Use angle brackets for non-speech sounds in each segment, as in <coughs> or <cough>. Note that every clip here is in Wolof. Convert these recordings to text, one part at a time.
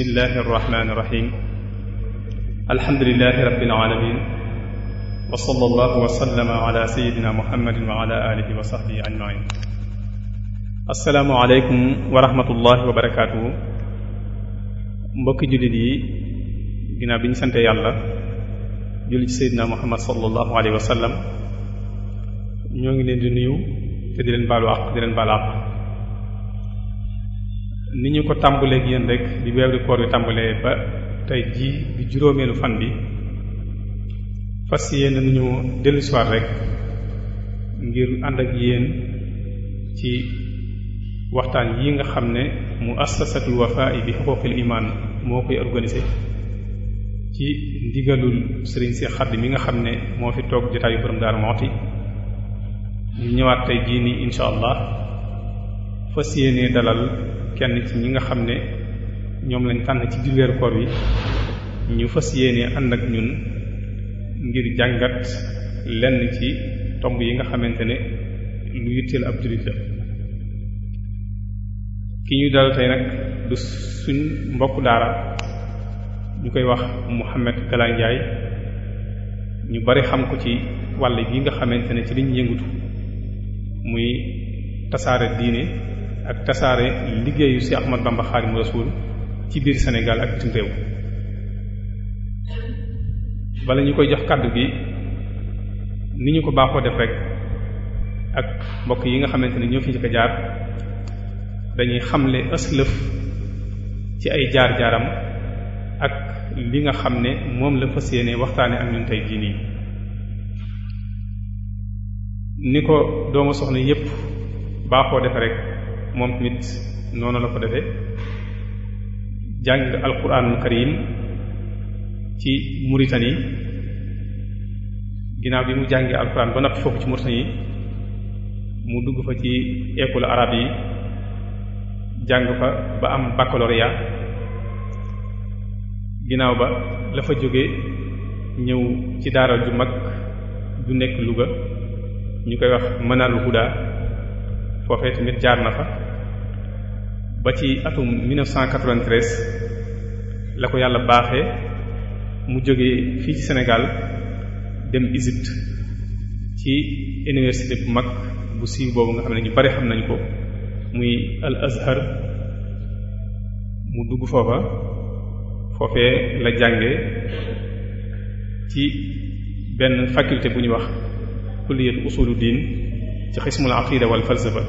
bismillahi arrahmani irrahim alhamdulilahi rabbil alamin wa sallallahu wa sallama ala sayidina muhammadin wa ala alihi wa sahbihi ajmain assalaamu aleykum wa rahmatullahi wa barakatuhu mbokki jullit yi ginnaaw bi ñu sante yàlla julli ci sayidina muhammad sallallahu alayhi wa sallam ñoo ngi leen di nuyu te di leen baalu àq di leen baalu àq ni ñu ko tàmbalee yéen rek di weeru koor yu tàmbalee ba tey jii di juróomeelu fan bi fas yéene nañu dellu si waat rek ngir ànd ak yéen ci waxtaan yi nga xam ne muassasatul Wafa'i bi huquqil iman moo koy organisé ci ndigalul Serigne Cheikh Khadim mi nga xam ne moo fi toog jotaayu borom Darou Moukhty ñu ñëwaat tey jii nii incha allah fas yéene dalal. kenn ci ñi nga xam ne ñoom lañ tànn ci biir koor yi ñu fas yéene ànd ak ñun ngir jàngat lenn ci tomb yi nga xamante ne lu yitteel ab jullit la ki ñuy dal nag du suñ mbokk daara ñu koy wax Mouhamed Gala ñu bari xam ko ci wàll gi nga xamante ne ci liñ yëngutu muy tasaare diine ak tasaare liggéeyu si Ahmad Bamba Xaadimu Rasuul ci biir Sénégal ak bitim bala ñu koy jox kàddu bi ni ñu ko baaxoo def rek ak mbokk yi nga xamante ne ñoo fi njëkk jaar dañuy xamle ëslëf ci ay jaar-jaaram ak li nga xam ne moom la fas yéene waxtaane ak ñun tey jii nii ni ko doomu soxna yépp baaxoo defe rek moom tamit noonu la ko defe jàng alquranul karim ci Mauritanie ginnaaw bi mu jàngee alquran ba noppi foofu ci Mauritanie mu dugg fa ci école arabe yi jàng fa ba am baccalauréat ginnaaw ba la fa jóge ñëw ci daara ju mag ju nekk Louga ñu koy wax mënalul huda foofee tamit jaar na fa ba ci atum 1993 la ko yàlla baaxe mu jóge fii ci Sénégal dem Égypte ci université bu mag bu siiw boobu nga xam ne ñu bari xam nañu ko muy Al Azhar mu dugg foofa foofee la jànge ci benn faculté bu ñuy wax kulliyat usulu diin ci xismul aqida wal falsafa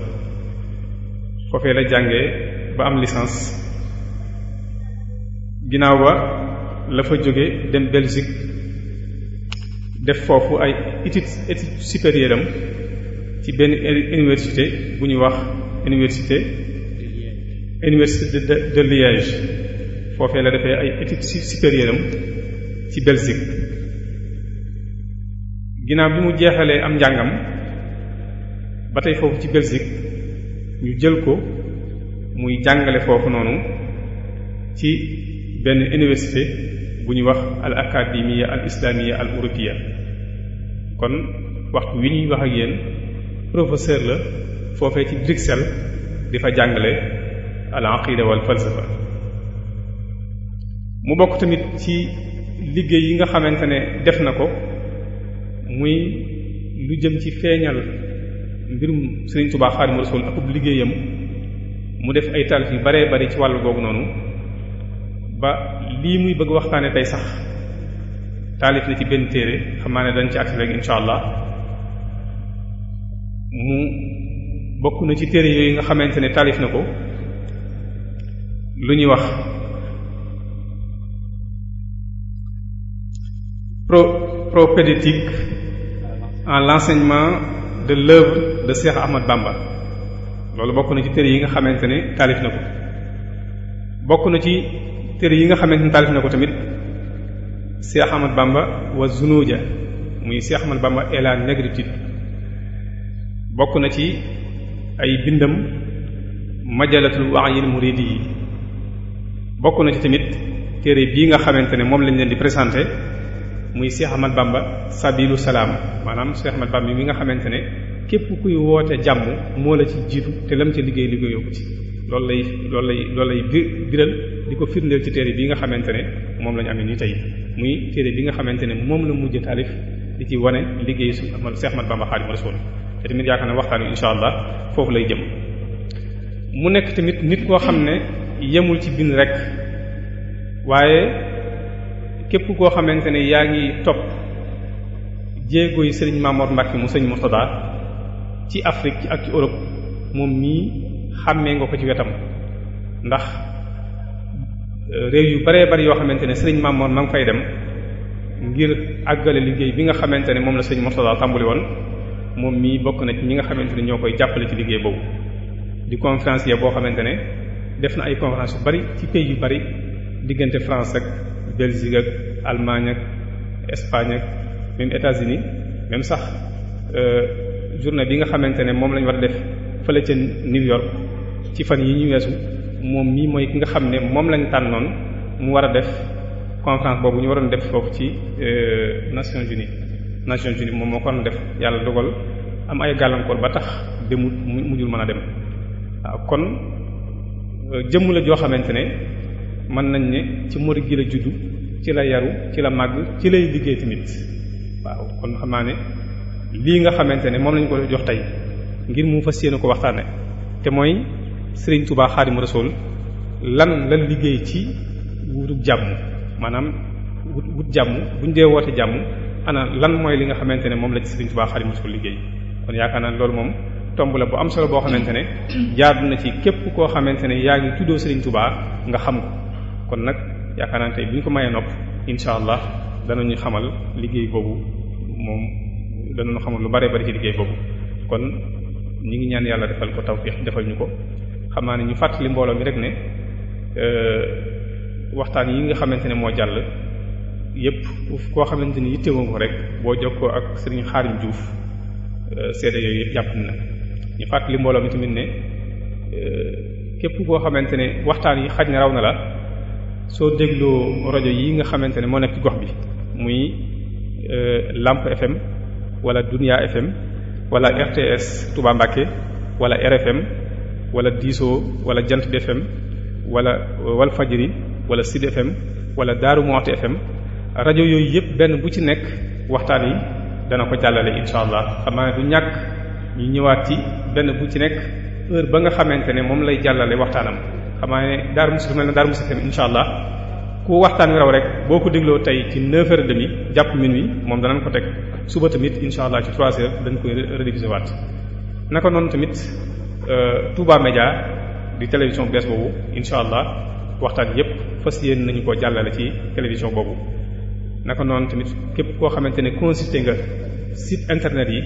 foofee la jànge ba am licence ginnaaw ba la fa jóge dem Belgique def foofu ay études études supérieures ci benn université bu ñuy wax université université de de Liège foofee la defee ay études supérieures ci Belgique ginnaaw bi mu jeexalee am njàngam ba tey foofu ci Belgique ñu jël ko muy jàngale foofu noonu ci benn université bu ñuy wax al académie al islamie al européen kon waxtu wi ñuy wax ak yéen professeur la foofee ci Bruxelles di fa jàngale al aqida wal falsafa mu bokk tamit ci liggéey yi nga xamante ne def na ko muy lu jëm ci feeñal mbirum Sëriñ Tuubaa Xaadimu Rasuul akub liggéeyam mu def ay taalif yu baree bari ci wàllu googu noonu ba lii muy bëgg waxtaane tey sax taalif na ci benn téere xam ne dañ ci agsi rek insha allah mu bokk na ci téere yooyu nga xamante ne taalif na ko lu ñuy wax pro propédeutique en l'enseignement de l'œuvre de Cheikh Ahmad Bamba loolu bokk na ci téere yi nga xamante ne taalif na ko bokk na ci téere yi nga xamante ne taalif na ko tamit Cheikh Ahmad Bamba wa Zunuja muy Cheikh Ahmad Bamba et la négritude bokk na ci ay bindam majalatul wa'yil muridi yi bokk na ci tamit téere bii nga xamante ne moom lañ leen di présenté muy Cheikh Ahmad Bamba sabilu salaam maanaam Cheikh Ahmad Bamba mi nga xamante ne képp kuy woote jàmm moo la ci jiitu te lam ca liggéey liggéeyoo ko ci loolu lay loolu lay biral di ko firndeel ci téere bi nga xamante ne moom la ñu amee nii tey muy téere bi nga xamante ne moom la mujj taalif di ci wane liggéey su man Seex Ahmad Bamba Xaadimu Rasuul te tamit yaakaar na waxtaan wi insha allah foofu lay jëm mu nekk tamit nit koo xam ne yemul ci bind rek waaye képp koo xamante ne yaa ngi topp jéego yi sëriñ Maamoor Mbàkke mu sëriñ Murtadaa ci Afrique ak ci Europe moom mii xàmmee nga ko ci wetam ndax euh, réew yu baree bari yoo xamante ne sëriñ Mamoor ma ngi fay dem ngir àggale liggéey bi nga xamante ne moom la sëriñ Murtada tàmbali woon moom mii bokk na ci ñi nga xamante ne ñoo koy jàppale ci liggéey boobu di conférencier boo xamante ne def na ay conférence yu bari ci pays yu bari diggante France ak Belgique ak Allemagne ak Espagne ak même États-Unis même sax euh, journée bi nga xamante ne moom lañ war a def fële ca New York ci fan yi ñu weesu moom mii mooy ki nga xam ne moom lañ tànnoon mu war a def conférence boobu ñu waroon def foofu ci euh, Nations Unies Nations Unies moom moo kon def yàlla dogal am ay gàllankoor ba tax demut mu mujjul mën a dem waaw kon euh, jëmm la joo xamante ne mën nañ ne ci mori gi la juddu ci la yaru ci la màgg ci lay liggéey tamit waaw kon xam ne lii nga xamante ne moom lañu ko jox tey ngir mu fas yéene ko waxtaane te mooy Serigne Touba Xaadimu Rasuul lan la liggéey ci wutub jàmm maanaam wut wut jàmm buñ dee woote jàmm ana lan mooy li nga xamante ne moom la ci Serigne Touba Xaadimu Rasuul liggéey kon yaakaar naa loolu moom tomb la bu am solo boo xamante ne <coughs> jaadu na ci képp koo xamante ne yaa ngi tuddoo Serigne Touba nga xam ko kon nag yaakaar naa tey bu ñu ko mayee nopp incha allah danañu xamal liggéey boobu danañ xamul lu bare bari ci liggéey boobu kon ñi ngi ñaan yàlla defal ko tawfiq defal ñu ko xamaa ne ñu fàttali mbooloo mi rek ne euh, waxtaan yi nga xamante ne moo jàll yépp koo xamante ni yittewoo rek boo jokkoo ak sëriñ xaarim Diouf euh, seede yooyu na ñu fàttali mbooloo mi tamit ne euh, képp koo xamante ne waxtaan yi xaj na raw na la soo dégloo rajo yi nga xamante ne moo nekk gox bi muy Lamp FM wala Dunia FM wala RTS Touba Mbacké wala RFM wala Diso wala Jant FM wala euh, Walf Fadjri wala Sud FM wala daaru Moukhty FM rajo yooyu yëpp benn bu ci nekk waxtaan yi dana ko jàllale incha allah xam naa du ñàkk ñu ñëwaat ci benn bu ci nekk heure ba nga xamante ne moom lay jàllale waxtaanam xam naa ne Darou Moukhty mel na Darou Moukhty FM incha allah. ku waxtaan wi raw rek boo ko dégloo tey ci 9h30 jàpp minuit moom danañ ko teg suba tamit incha allah ci 3h dañ koy rediffuser waat naka noonu tamit euh, Touba Média di télévision bees boobu incha allah waxtaan yépp fas yéen nañu ko jàllale ci télévision boobu. naka noonu tamit képp koo xamante ne consulté nga site internet yi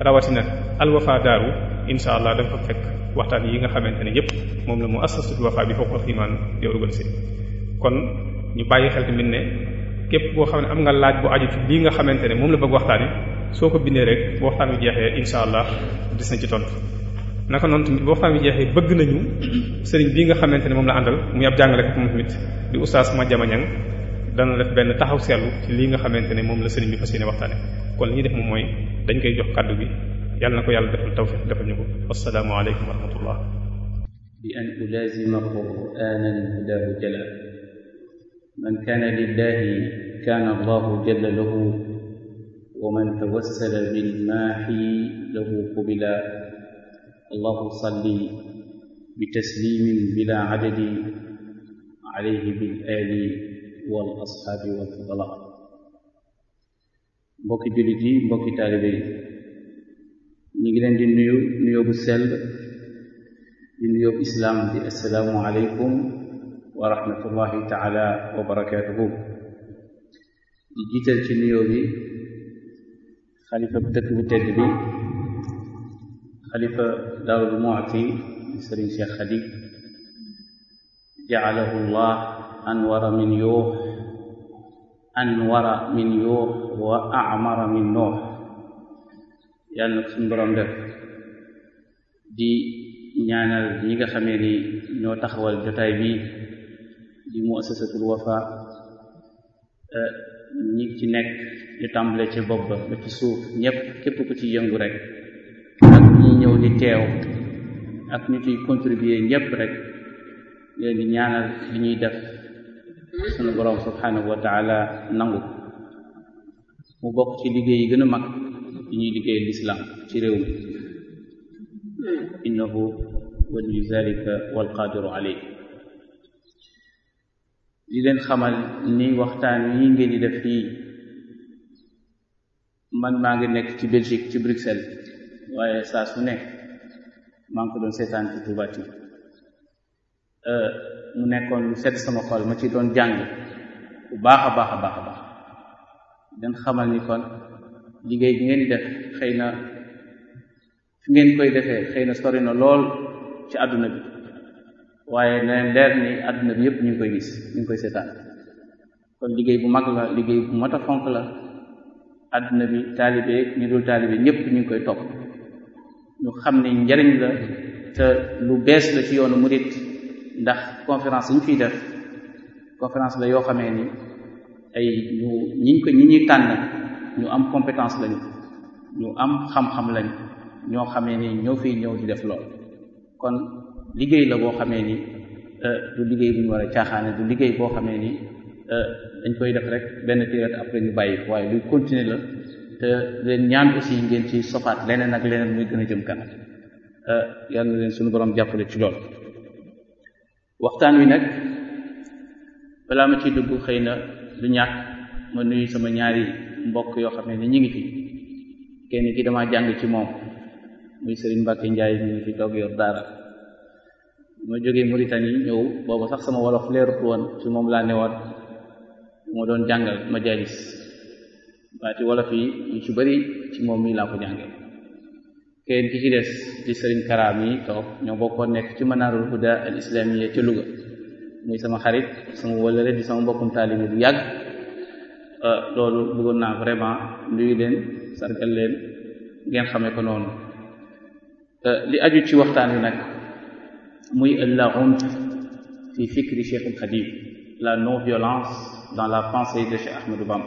rawatina alwafa daaru incha allah da nga fa fekk waxtaan yi nga xamante ne yépp moom la mu assasatul wafa bi foofu la fi maanaam di ñu bàyyi xel tamit ne képp koo xam ne am nga laaj bu aju ci lii nga xamante ne moom la bëgg waxtaani soo ko bindee rek bu waxtaan bi jeexee incha allah des na ci tontu naka noonu tamit bu waxtaan bi jeexee bëgg nañu sëriñ bii nga xamante ne moom la àndal muy ab jàngalekat moom tamit di oustaz Madiama Niang dana def benn taxaw seetlu ci lii nga xamante ne moom la sëriñ bi fas yéene waxtaane kon li ñuy def moom mooy dañ koy jox kàddu bi yàlla na ko yàlla defal tawfiq defal ñu ko wassalaamu aleykum wa rahmatullah bi an ulazima من كان لله كان الله جل له ومن توسل بالماح له قبل الله صل بتسليم بلا عدد عليه بالآل والأصحاب والفضلاء mbokki jullit yi mbokki taalibe yi ñu ngi leen di nuyu nuyoo bu sell di nuyoo islaam di assalaamu aleykum ورحمة الله taala wa barakaatuhu di jiital ci nuyoo bi xalifa dëkk bu tedd bi xalifa Daaru Muxti Sëriñ Cheikh Xadi jaalahu llah anwara min yuux anwara min yuux wa amara min nuux yàlla nag suñu boroom def di ñaanal ñi nga xamee ni ñoo taxawal jotaay bi di muassasatul wafa eh, ñi ci nekk ñu tàmbale ci bopp ba ci suuf ñëpp képp ku ci yëngu rek ak ñi ñëw di teew ak ñu ci contribuer ñépp rek leen di ñaanal li ñuy def sunu borom subhanahu wa nangu mu bokk ci liggéey yi gën a mag ñuy liggéey lislaam ci réew mi innahu waliyu zalika walqadiru alayhi li leen xamal ni waxtaan yi ngeen di def fii man maa ngi nekk ci Belgique ci Bruxelles waaye saa su nekk maa ngi ko doon seetaan ci Touba ci euh, mu nekkoon lu set sama xol ma ci doon jàng bu baax a baax a baax a baax xamal ni kon liggéey bi ngeen di def xëy na fi ngeen koy defee xëy na sori na lool ci àdduna bi waaye na leer ni àdduna bi yëpp ñu ngi koy gis ñu ngi koy seetaan kon liggéey bu mag la liggéey bu mat a fonk la àdduna bi taalibe ñu dul taalibe ñëpp ñu ngi koy topp ñu xam ne njariñ la lu bees la ci yoonu murit ndax conférence yi fiy def conférence la yoo xamee ni ay ñu ñiñ ko ñi tànn ñu am compétence lañu ñu am xam-xam lañu ñoo xamee ni ñoo fiy ñëw di def lool kon liggéey la boo xamee ni lu euh, liggéey bu ñu war a caaxaane du liggéey boo xamee ni euh, dañ koy def rek benn période après ñu bàyyi waaye luy continuer la te leen ñaan aussi ngeen ci sofaat leneen ak leneen muy gën a jëm kanam euh, yal na leen suñu boroom jàppale ci lool waxtaan wi nag balaa ma ci dugg xëy na du ñàkk ma nuyu sama ñaari mbokk yoo xam ne ni ñu ngi fi kenn ki damaa jàng ci moom muy Serigne Mbacke Ndiaye mi ngi fi toog yoon daara ma jógee Mauritanie ñëw boobu tax sama wolof leerut woon ci moom laa newoon moo doon jàngal majalis baati wolof yi yu ci bari ci moom mii laa ko jànge kenn ki ci des ci Serigne Kara yi toog ñoo bokkoon nekk ci Manaarul Huda al Islamiyya ca Louga muy sama xarit sama wëlëre di sama mbokkum taalibe du yàgg ah, loolu bëggoon naa vraiment nuyu leen sargal leen ngeen xamee ko noonu ah, li aju ci waxtaan wi nag muy la ronde fi fikri Cheikhul Khadim la non-violence dans la pensée de Cheikh Ahmadou Bamba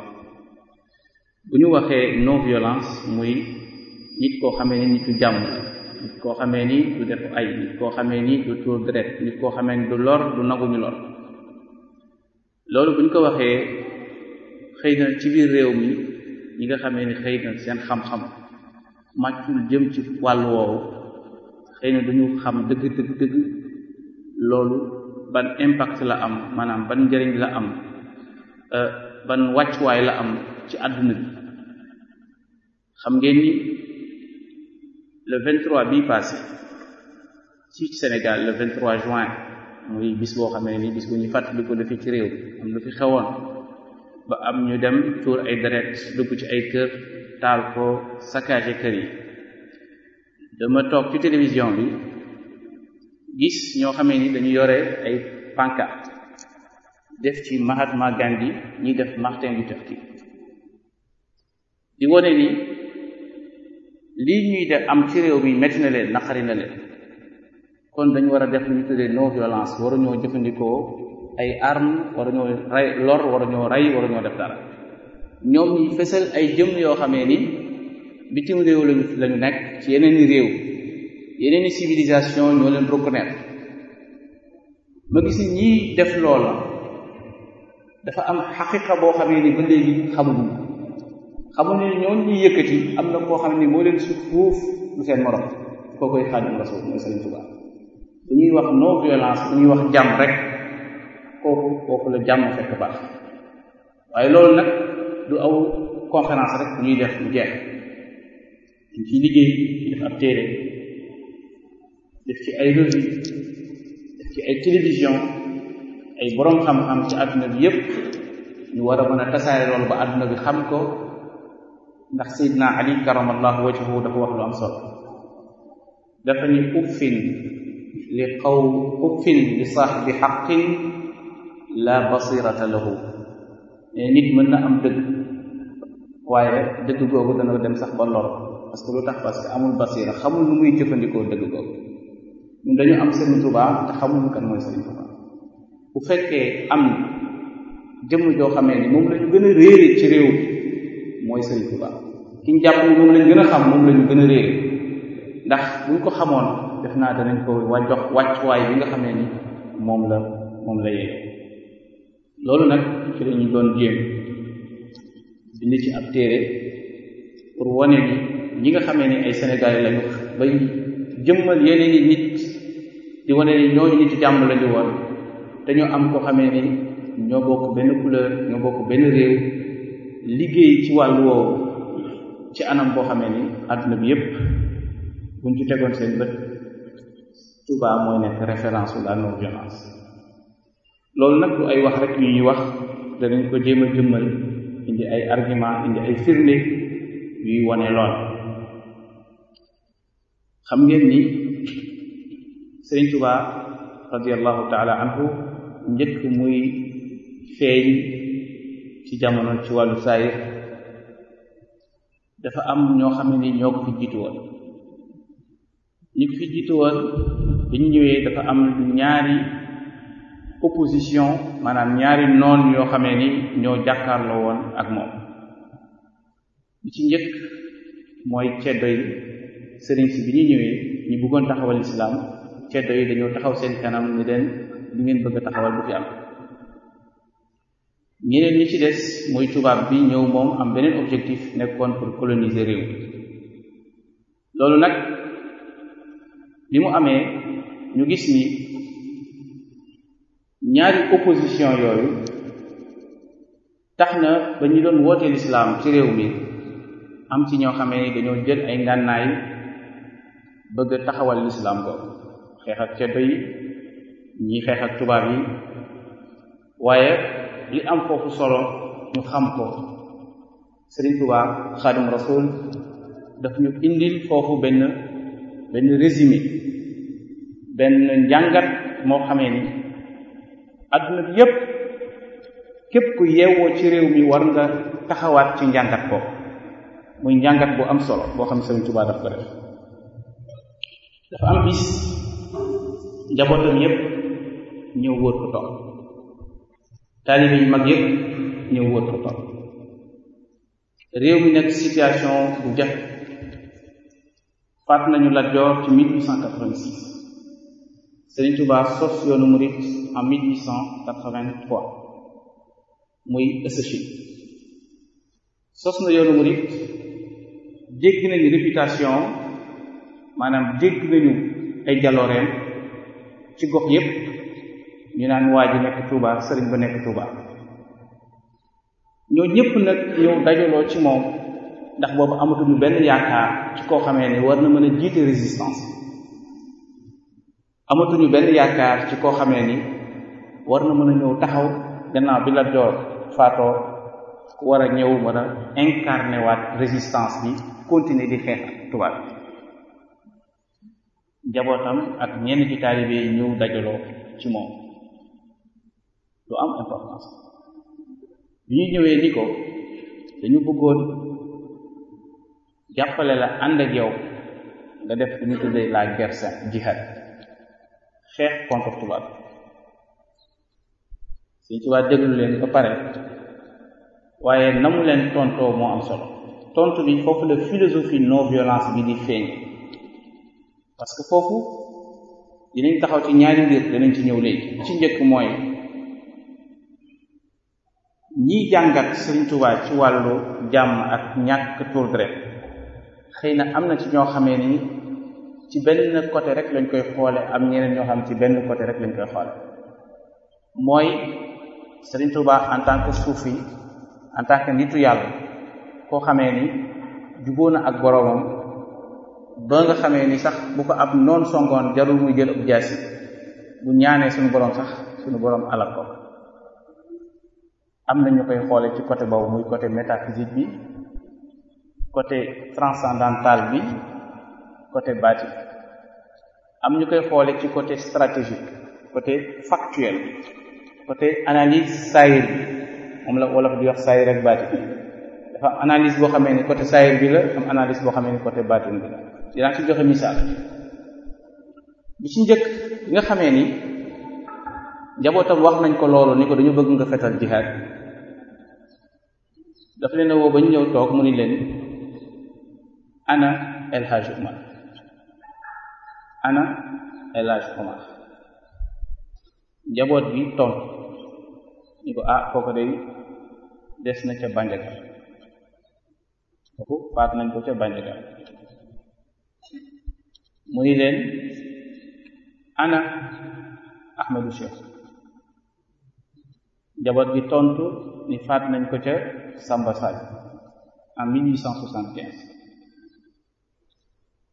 bu ñu waxee non-violence muy nit koo xamee ni nitu jàmm nit koo xamee ni du def ay nit koo xamee ni du tuur deret nit koo xamee ni du lor du nanguñu lor loolu bu ñu ko waxee xëy na ci biir réew mi ñi nga xamee ni xëy na seen xam-xam màccul jëm ci wàll woowu xëy na duñu xam dëgg dëgg dëgg loolu ban impact la am maanaam ban njëriñ la am euh, ban wàccuwaay la am ci àdduna bi xam ngeen ni le 23 bii passé ci Sénégal le 23 juin muy bis boo xamee ni bis bu ñu fàttaliku ko dafi ci réew am lu fi xewoon ba am ñu dem tuur ay deret dugg ci ay kër taal ko saccagé kër yi dama toog ci télévision bi gis ñoo xamee ni dañu yore ay pancarte def ci Mahatma Gandhi ñi def Martin Luther King di wone ni lii ñuy def am ci réew bi metti na leen naqari na leen kon dañu war a def ñu tuddee non violence waruñoo jëfandikoo ay armes waruñoo rey lor waruñoo rey waruñoo def dara ñoom ñi fësal ay jëm yoo xamee ni bitim réew lañu lañu nekk ci yeneen réew yeneen i civilisation ñoo leen reconnaître ma gis ni ñii def loola dafa am xaqiqa boo xam ni ba léegi xamuñu xamuñu ne ñoon ñuy yëkkati am na koo xam ne moo leen su fuuf lu seen morom koo wax non ñuy wax jàmm rek kooku kooku la jàmm fekk baax waaye loolu nag du aw conférence rek ñuy def mu jeex ñu ciy liggéey ñu def ab téere def ci ay revue def ci ay télévision ay boroom xam-xam ci àdduna bi yépp ñu war a mën a tasaare loolu ba àdduna bi xam ko ndax Seydina Ali karamallahu wajhahu dafa wax lu am solo dafa ñu uffin li qaw uffin li saaxibi xaqin la basirata lahu nit mën na am dëgg waaye dëgg googu dana dem sax ba lor parce lu tax parce que amul basira xamul nu muy jëfandikoo dëgg googu ñun dañu am Serigne Touba te xamuñu kan mooy Serigne bu fekkee am jëmm joo xamee mooy Serigne Touba ki ñu jàpp ni moom la ñu gën ko xamoon def naa danañ wàccuwaay bi nga xamee moom la loolu nag ci la ñu doon jéem nga xamee ni ay Sénégalais lañu bay jëmmal yeneen i nit di wane ne ñooñu nitu jàmm lañu woon dañu am koo xamee ni ñoo bokk benn couleur ñoo bokk benn réew liggéey ci wàllu woowu ci anam boo xamee ni àdduna bi yépp buñ ci tegoon seen bët Touba mooy nekk référence u la non violence loolu nag lu ay wax rek yu ñuy wax danañ ko jéem a jëmmal indi ay argument indi ay firnde yuy wane lool xam ngeen ni Sëriñ Tuubaa radiyallahu taala anhu njëkk muy feeñ ci jamono ci wàllu saayir dafa am ñoo xam ni ñoo ko fi jiitu woon ñi ko fi jiitu woon bi ñu ñëwee dafa am ñaari opposition maanaam ñaari noon yoo xamee ni ñoo jàkkaarloo woon ak moom bi ci njëkk mooy ceddo yi sëriñ si bi ñu ñëwee ñi bëggoon taxawal islaam ceddo yi dañoo taxaw seen kanam ni leen li ngeen bëgg a taxawal bu fi am ñeneen ñi ci des muy tubaab bi ñëw moom am beneen objectif nekkoon pour coloniser réew loolu nag bi mu amee ñu gis ni ñaari opposition yooyu tax na ba ñu doon woote lislaam ci réew mi am ci ñoo xamee ni dañoo jël ay ngànnaay bëgg taxawal lislaam boobu xeex ak ceddo yi ñii xeex ak tubaab yi waaye li am foofu solo ñu xam ko Sëriñ Tuubaa Xaadim Rasuul daf ñu indil foofu benn benn résumé benn njàngat moo xamee ni àdduna yépp képp ku yeewoo ci réew mi war nga taxawaat ci njàngat ko muy njàngat bu am solo boo xam ne Sëriñ Tuubaa daf ko def dafa am bis njabootam yépp ñëw wóor ko topp taalibe yu mag yépp ñëw wóor ko topp réew mi nekk situation bu jafe faat nañu Lat Joor ci 1886 Sëriñ Tuubaa sos yoonu murit en muy ësëchi sos na yoonu murit dégg nañu réputation maanaam dégg nañu ay jalooreem ci gox yépp ñu naan waa ji nekk Touba sëriñ bu nekk Touba ñoo ñëpp nag ñëw dajaloo ci moom ndax boobu amatuñu benn yaakaar ci koo xamee ne war na mën a jiite benn yaakaar ci koo xamee ni war na mën a ñëw taxaw gannaaw bi la door faatoo ku war a ñëw mën a incarné résistance bi continuer di xeex tubaab njabootam ak ñenn ci taalibe ñëw dajaloo ci moom lu am importance bi ñu ñëwee ni ko dañu bëggoon jàppale la ànd ak yow nga def lu ñu tubaab suñ tubaab déglu leen pare waaye na mu tontoo moo am solo tontu bi foofu la philosophie non violence bi di feeñ parce que foofu dinañ taxaw ci ñaari mbir danañ ci ñëw léegi ci njëkk mooy ñiy jàngat Sëriñ Tuubaa ci wàllu jàmm ak ñàkk tuur xëy na am na ci ñoo xamee ni ci benn côté rek lañ koy xoole am ñeneen ñoo xam ci benn côté rek lañ koy xoole mooy Sëriñ Tuubaa en tant que suufi en tant que nitu yàlla koo xamee ni jubóo na ak boroomam ba nga xamee ni sax bu ko ab noon songoon jarul muy jël ab jaasi bu ñaanee suñu boroom sax suñu boroom alal am na ñu koy xoole ci côté boobu muy côté métaphysique bi côté transcendantal bi côté bâti am ñu koy xoole ci côté stratégique côté factuel côté analyse saayir bi moom la wolof di wax saayir ak bâti bi dafa analyse boo xamee ni côté saayir bi la am analyse boo xamee ni côté bâtin bi la dinaa ci joxe misaal bi ci njëkk nga xamee ni njabootam wax nañ ko loolu ni ko dañu bëgg nga fetal jihaad dafa leen woo ba ñu ñëw toog mu ni leen ana El Hadj Omar ana El Hadj Omar njaboot bi tontu ni ko ah kooku day des na ca Bandiagara faat nañ ko ca Bandiagara mu ni leen ana ahmadu cheikh njaboot gi tontu ni faat nañ ko ca Samba Sadio en 1875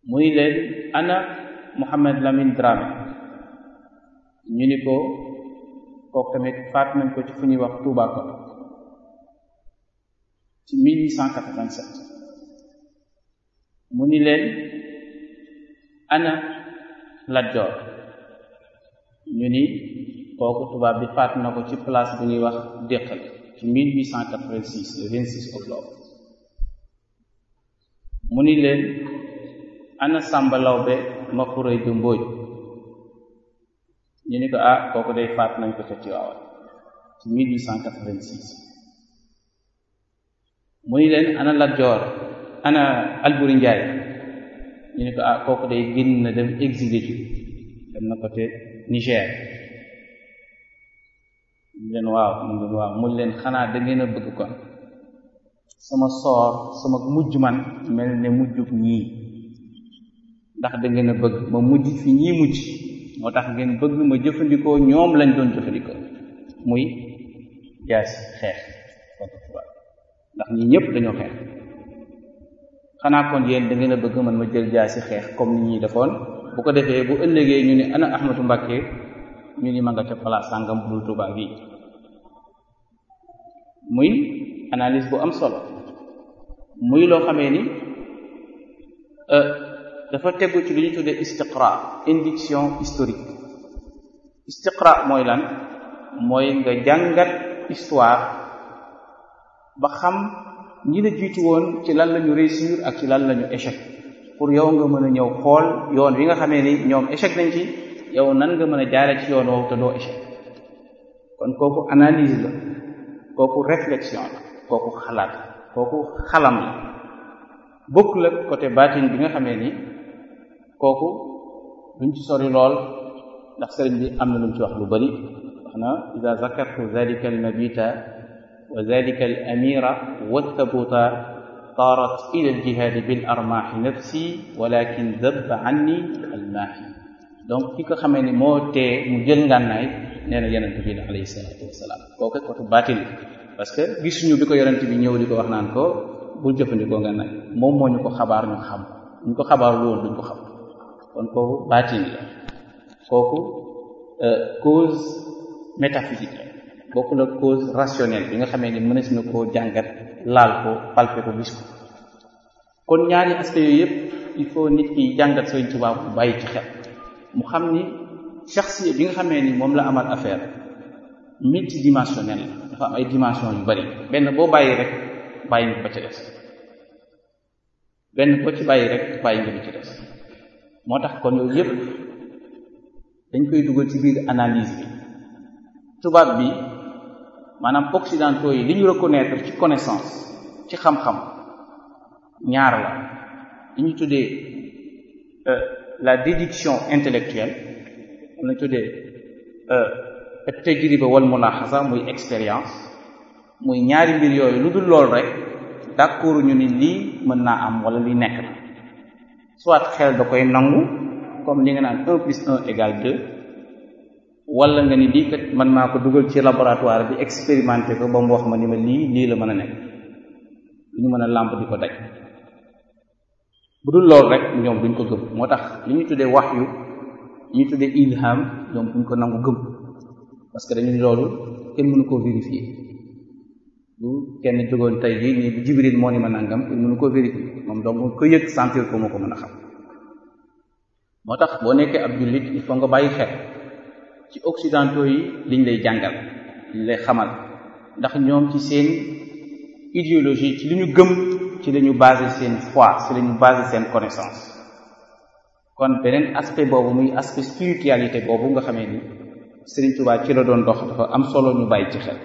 mu ni leen ana Mohamed Lamine Dramé ñu ni ko kooku tamit faat nañ ko ci fu ñuy wax Toubacouta ci 1887 mu ni leen ana Lat Joor ñu ni kooku tubaab bi faat na ko ci place bu ñuy wax déqal ci 1886 le 26 octobre mu ni leen ana Sàmba Lawbe ma xuréy du ñu ni ko ah kooku day faat nañ ko ca ci 1886 mu ni leen ana Lat ana Alburi Njaay ñu ne ko ah kooku day génn na dem exilé ci dem na côté Niger mu leen waaw mu leen xanaa da bëgg kon sama soor sama mujj man mel ne mujjub ñii ndax da ngeen bëgg ma mujj fi ñii mujj moo tax ngeen bëgg ma jëfandikoo ñoom lañ doon jëfandikoo muy jaasi xeex ndax ñi ñëpp dañoo xeex xanaa kon yéen da ngeen a bëgg man ma jël jaasi xeex comme ni ñuy defoon bu ko defee bu ëllëgee ñu ni ana Ahmadou Mbacké ñu ni ma nga ca place sàngam bu dul Tuubaa bi muy analyse bu am solo muy loo xamee ni euh, dafa tegu ci li ñu tuddee istiqra historique istiqra mooy lan mooy nga jàngat histoire ba xam ñi la jiitu woon ci lan la ñu ak ci lan la ñu échec pour yow nga mën a ñëw xool yoon wi nga xamee ni ñoom échec nañ ci yow nan nga mën a jaare ci yoon woowu te doo échec kon kooku analyse la kooku réflexion la kooku xalaat kooku xalam la bokk la côté baatin bi nga xamee ni kooku duñ ci sori lool ndax sëriñ bi am na lu mu ci wax lu bari wax na iza zakartu zalika al mabita وذلك الأميرة والثبوتات طارت إلى الجهاد بالأرماح نفسي ولكن ذب عني الماحي donc ki ko xamee ni moo te mu jël ngànnaay nee na yonent bi la alayhi salaatu wasalaam kooku kooku baatin parce que gisuñu bi ko yonent bi ñëw di ko wax naan ko bul jëfandikoo ngànnaay moom moo ñu ko xabaar ñu xam ñu ko xabaar loolu duñ ko xam kon kooku baatin la kooku euh, cause métaphysique bokk la cause rationnelle bi nga xamee ni mënees na koo jàngat laal ko palpé ko gis kon ñaari aspect yooyu yëpp il faut nit ki jàngat Sëriñ Tuubaa bu bàyyi ci xel mu xam ni shaxsi bi nga xamee ni moom la amal affaire multidimensionnel la dafa am ay dimension yu bari benn boo bàyyi rek bàyyi nga ba ca des benn boo ci bàyyi rek bàyyi nga ba ca des moo tax kon yooyu yëpp dañ koy dugal ci biir analyse bi tubaab bi maanaam occidentaux yi li ñu reconnaître ci connaissance ci xam-xam ñaar la li ñu tuddee euh, la déduction intellectuelle am nañu tuddee euh, tajriba wal mulaxasa muy expérience muy ñaari mbir yooyu lu dul lool rek d'accord ñu ni lii mën naa am wala li nekk na soit xel da koy nangu comme li nga naan un plus un égale wala nga ni lii kat man maa ko dugal ci laboratoire bi expérimenté ko ba mu wax ma ni ma lii lii la mën a nekk duñu mën a làmb di ko daj bu dul loolu rek ñoom duñ ko gëm moo tax li ñu tuddee wax yu li ñu tuddee ilham ñoom duñ ko nangu gëm parce que dañu loolu kenn mënu koo vérifier bu kenn jógoon tey bi nii bu moo ni ma nangam kenn koo vérifier moom donc ko yëg sentir ko moo ko mën a xam moo tax boo nekkee ab jullit il nga bàyyi xel ci occidentaux yi liñ lay jàngal liñ lay xamal ndax ñoom ci seen idéologie ci li ñu gëm ci la ñu basé seen foi ci la ñu basé seen connaissance kon beneen aspect boobu muy aspect spiritualité boobu nga xamee ni Serigne Touba ci la doon dox dafa am solo ñu bàyyi ci xel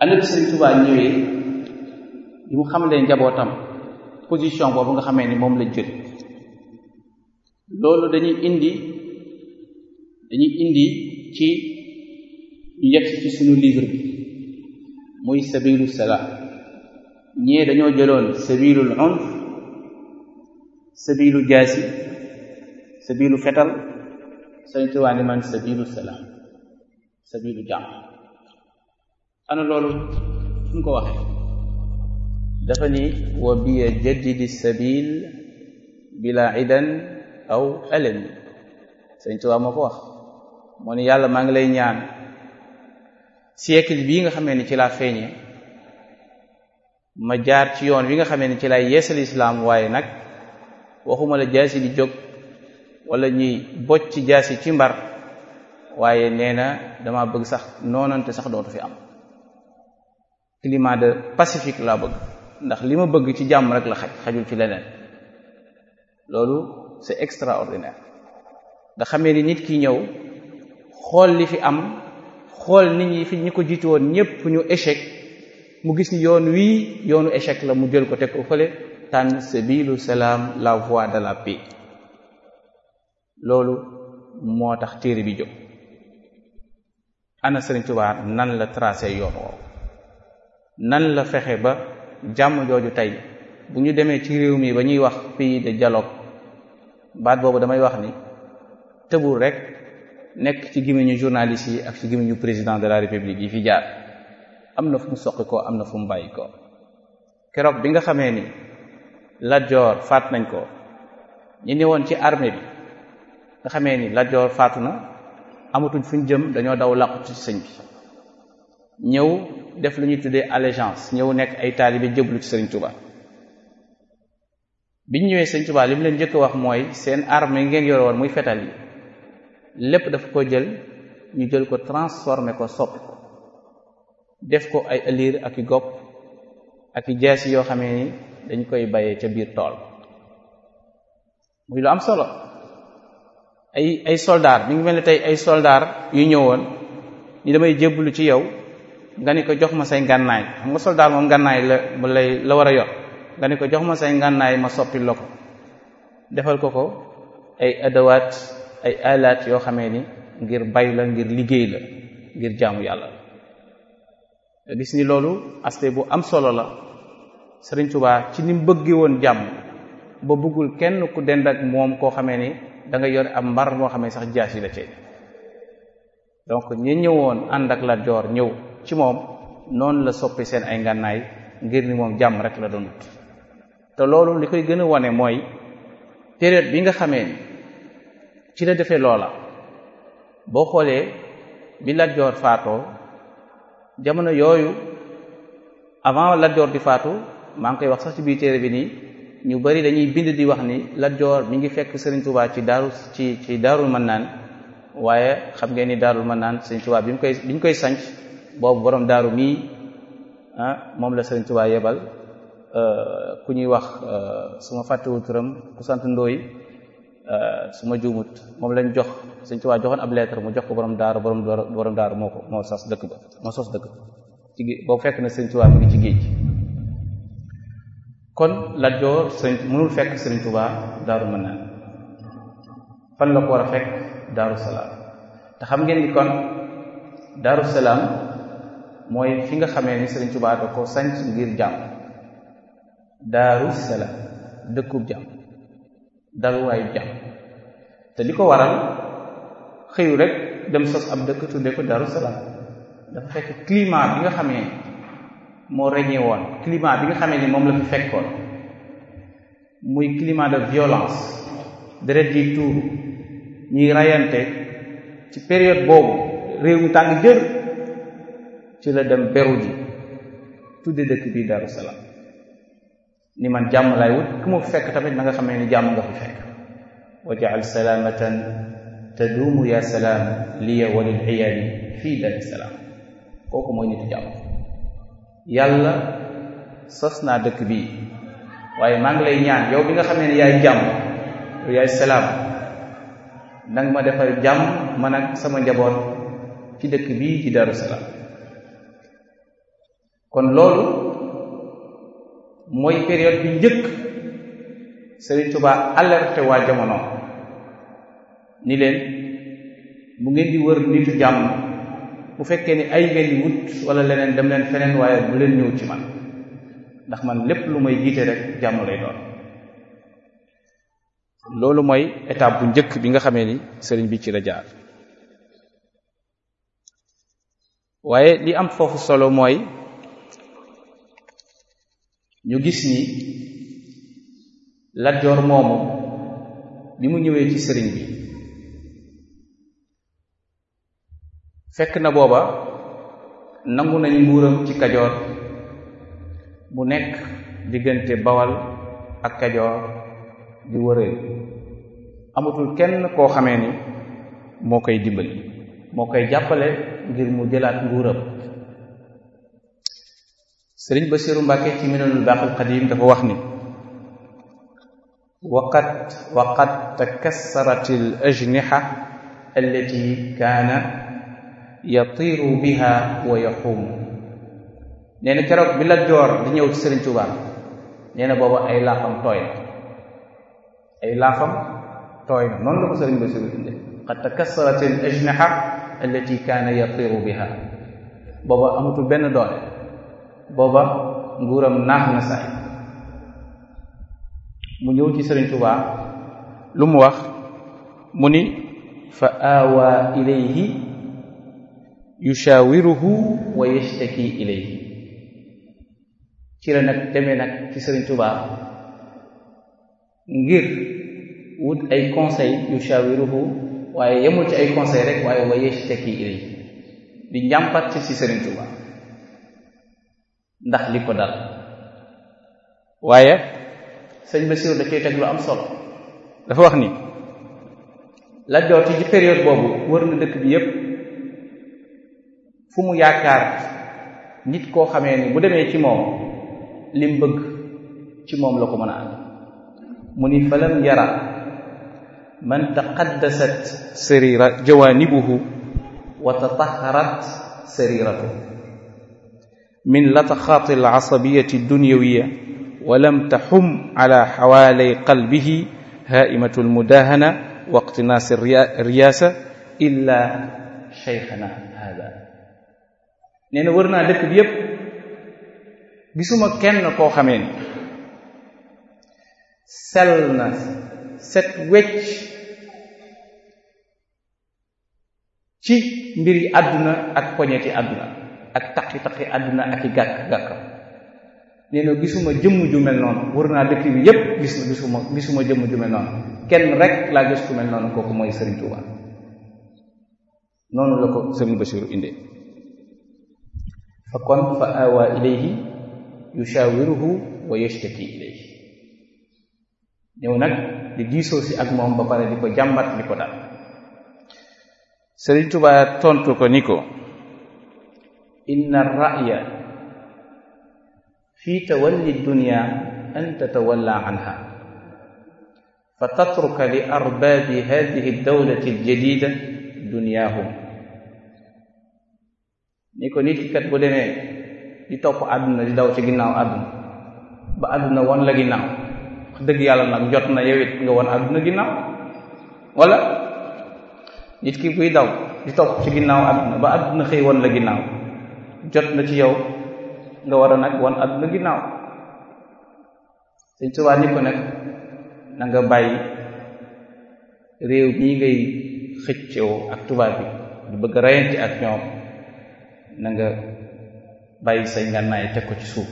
ana bi Serigne ñëwee li mu xam leen njabootam position boobu nga xamee ni moom lañ jël loolu dañuy indi dañuy indi ci ñu yegg ci sunu livre bi muy sabilu salaam ñee dañoo jëloon sabilul unf sabilu jaasi sabilu fetal sañ tuwaa ni man sabilu salaam sabilu jàmm ana loolu fu ko waxee dafa ni wa biya jaddidi sabil bila idan aw alami sañ tuwaa moo ko wax moo ne yàlla maa ngi lay ñaan siècle bii nga xamee ni ci laa feeñe ma jaar ci yoon wi nga xamee ni ci lay yeesal islaam waaye nag waxuma la jaasi di jóg walla ñuy bocc ci jaasi ci mbar waaye nee na dama bëgg sax noonante sax dootu fi am climat de pacifique laa bëgg ndax li ma bëgg ci jàmm rek la xaj xajul ci leneen loolu c'est extraordinaire nga xamee ni nit ki ñëw xool li fi am xool nit ñi fi ñu ko jiitu woon ñépp ñu échec mu gis ni yoon wii yoonu échec la mu jël ko te ko fële tànn sabilu salaam la voie de la paix loolu moo tax téere bi jóg ana Sëriñ Tuubaa nan la tracé yoon nan la fexe ba jàmm jooju tey bu ñu demee ci réew mii ba ñuy wax pays de dialogue baat boobu damay wax ni tëbul rek nekk ci gémmiñu journaliste yi ak ci ñu président de la république yi fi jaar am na fu mu soqi ko am na fu mu bàyyi ko keroog bi nga xamee ni Lat Joor nañ ko ñi newoon ci armée bi nga ni Lat Joor faatu na amatuñ fuñ jëm dañoo daw làqutu ci sëñ bi ñëw def lu ñuy tuddee allégeance ñëw nekk ay taalibe jëblu ci sëriñ Tuubaa biñ ñëwee sëñ Tuubaa li mu leen njëkk wax mooy seen arme yi ngeen yore woon muy fetal yi lépp dafa ko jël ñu jël ko transformé ko soppi ko def ko ay ëlliir ak i gopp ak i jees yoo xamee ni dañ koy bayee ca biir tool muy lu am solo ay ay soldaar mu ngi mel ne tey ay soldaar yu ñëwoon ñi damay jébbalu ci yow nga ni ko jox ma say ngànnaay xam nga soldaar moom ngànnaay la la war a yor nga ne ko jox ma say ngànnaay ma soppil la ko defal ko ko ay adawaat ay alaat yoo xamee ni ngir bay la ngir liggéey la ngir jaamu yàlla la gis ni loolu aste bu am solo la Sëriñ Tuubaa ci ni mu bëgge woon jàmm ba bëggul kenn ku dend ak moom koo xamee ni dangay yor yore am mbar moo xamee sax jaas yi la ci donc ñi ñëwoon ànd ak la Joor ñëw ci moom noonu la soppee seen ay ngànnaay ngir ni moom jàmm rek la doon te loolu li koy gën a mooy période bi nga xamee ci la defee loola boo xoolee bi Lat Joor faatoo jamono yooyu avant Lat Joor di faatu maa ngi koy wax sax ci biir téere bi ni ñu bari dañuy bind di wax ni Lat Joor mi ngi fekk Sëriñ Tuubaa ci daaru ci ci Daarul naan waaye xam ngeen ni Daarul Mannaan Sëriñ Tuubaa bi mu koy bi ñu koy sanc boobu boroom daaru mii ah moom la Sëriñ Tuubaa yebal euh, ku ñuy wax euh, suma fàttewu turam ku sant Ndooy Euh, su ma juumut moom lañ jox sëñ joxoon ab lettre mu jox ko borom daaru borom borom daaru moo ko moo sos dëkk ba moo sos dëkk ci géej fekk na sëñ Tuubaa mu ngi ci géej kon Lat fekk sëñ Tuubaa daaru mën naan fan la ko war a fekk daaru salaam xam ngeen ni daaru salaam mooy fi nga xamee ni sëñ Tuubaa da ko sanc ngir jàmm daaru jàmm te li ko waral xëyu rek dem sos ab dëkk tudde ko Daaru Salaam dafa fekk climat bi nga xamee moo reñee woon climat nga xamee ni moom la fi fekkoon muy climat de violence deret yi tuuru ñuy reyante ci période boobu réew mi tàng jër ci la dem beru ji tudde dëkk bii Daaru Salaam ni man jàmm lay wut ku ma fekk tamit na xam ne ni jàmm nga fi fekk waj'al salaamatan taduumu yaa salaam liya walil iyaali fii daari salaam kooku mooy nitu jàmm yàlla sos naa dëkk bii waaye maa ngi lay ñaan yow bi nga xam ne yaay jàmm yow yaay salaam nanga ma defal jàmm man ak sama njaboot ci dëkk bii ci daru salaam kon loolu mooy période bi njëkk Sëriñ tubaa alerte waa jamono ni leen bu ngeen di wër nitu jàmm bu fekkee ni ay ngeen di wut wala leneen dem leen feneen waaye bu leen ñëw ci man ndax man lépp lu may jiite rek jàmm lay doon loolu mooy étape bu njëkk bi nga xamee ni sëriñ bi ci la jaar waaye li am foofu solo mooy ñu gis nii Lat moomu bi mu ñëwee ci sëriñ bi fekk na booba nangu nañ nguuram ci Kajoor mu nekk diggante Bawal ak Kajoor di wëree amatul kenn koo xamee ni moo koy dimbali moo koy jàppale ngir mu jëlaat nguuram sëriñ Basiiru Mbàkke ci Minanul Baaxil Xadiim dafa wax ni وقد وقد تكسرت الأجنحة التي كان يطير بها ويقوم nee na keroog bi la joor di ñëw ci Sëriñ Tuuba nee na booba ay laafam tooy na ay laafam tooy na noonu la ko Sëriñ Basiru inde qad takassarat al ajniha allati kaana yatiru biha booba amatul benn doole booba nguuram naax na sax mu ñëw ci sëriñ tubaa lu mu wax mu ni fa aawaa ilayhi yushawiruhu wa yashtaki ilayhi ci la nag demee nag ci sëriñ tubaa ngir wut ay conseil yushawiruhu waaye yemul ci ay conseil rek waaye wa yashtaki ilayhi di njàmpat ci sëriñ tubaa ndax li ko dal waaye sëñ Basiru da cey teg lu am solo dafa wax ni Lat Joor ci période boobu wër na dëkk bi yépp fu mu yaakaar nit koo xamee bu demee ci moom lim bëgg ci moom la ko mën a mu ni fa falam yara man taqaddasat sarira jawanibuhu wa tataharat sariratu min lataxaati al asabiyati dunyawiyya walam taxum ala xawaalay qalbihi haimatu almudahana wa iqtinaasi riyaasa illa cheykhana hada nee na wër naa dëkk bi yépp gisuma kenn koo xamee ni sell na set wecc ci mbiri àdduna ak poñeti àdduna ak taqi taqi àdduna ak i gàkk gàkkam nee na gisuma jëmm ju noonu wër naa dëkk bi yépp gis gisuma jëmm ju mel noonu kenn rek laa gis ku mel noonu kooku mooy Serigne Touba noonu la ko Serigne Bachir indee fa kon fa awa ñëw nag di diisoo si ak moom ba pare di ko jàmbat di ko daal Serigne Touba tontu ko ni ko inna ra'ya fi tawalli dunya an tatawalla anha fa tatruka li arbaabi hadihi dawlati aljadida dunyaahum ni ko nit ki kat bu demee di topp àdduna di daw ci ginnaaw àdduna ba àdduna won la ginnaaw wax dëgg yàlla nag jot na yow it nga won àdduna ginnaaw wala nit ki buy daw di topp ci ginnaaw àdduna ba àdduna xëy won la ginnaaw jot na ci yow war a nag wan adduna ginnaaw ni ko nag na nga bàyyi réew mii ngay xëccoo ak tubaab bi di bëgg rayante ak ñoom na nga bàyyi say ngànnaay teg ko ci suuf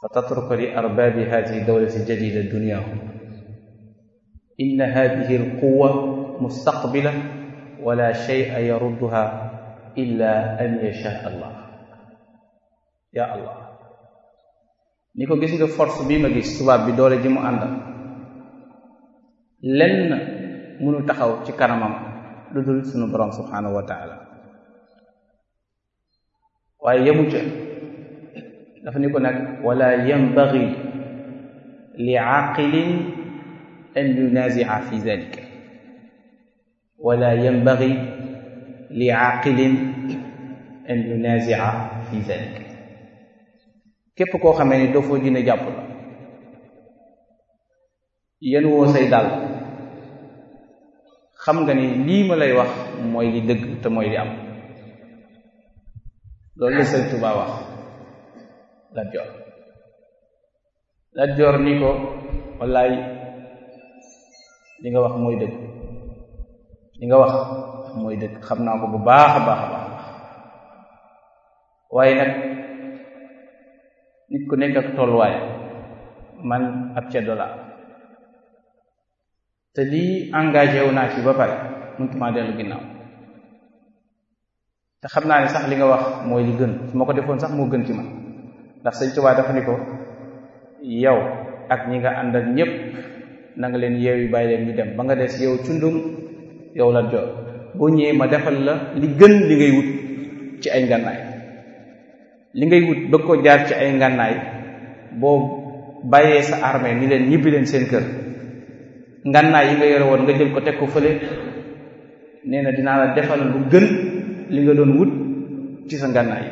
fa tatruka li arbaabi hadihi dawlati jadida duniyahum inna hadihi alquwa mustaqbila wala shay'a yarudduha illa an yasha allah ya allah ni ko gis nga force bii ma gis tubaab bi doole ji mu àndal lenn mënu taxaw ci kanamam lu dul sunu borom subhaanahu wa taala waaye yemu ca dafa ni ko nag wala yanbaghi li aqilin an yunazia fi zalika wala yanbaghi li aqilin an yunazia fi zalika képp koo xamee ni dofoo dina jàpp la yéen woo say dal xam nga ni lii ma lay wax mooy li dëgg te mooy li loolu la Sëriñ Tuubaa wax Lat Joor Lat Joor ni ko wallaay li nga wax mooy dëgg li nga wax mooy dëgg xam naa ko bu baax a baax a baax waaye nag nit ku nekk ak tolluwaay man ab ceddo la te lii engagé wu naa ci ba pare mënutuma dellu ginnaaw te xam naa ne sax li nga wax mooy li gën su ma ko defoon sax moo gën ci man ndax sañ Tuubaa dafa ni ko yow ak ñi nga àndal ñépp na nga leen yeew yi bàyyi leen ñu dem ba nga des yow cundum yow la joor boo ñëwee ma defal la li gën li ngay wut ci ay ngànnaay li ngay wut bëgg ko jaar ci ay ngànnaay boo bàyyee sa armée ni leen ñibbi leen seen kër ngànnaay yi nga yore woon nga jël ko teg ko fële nee na dinaa la defal lu gën li nga doon wut ci sa ngànnaay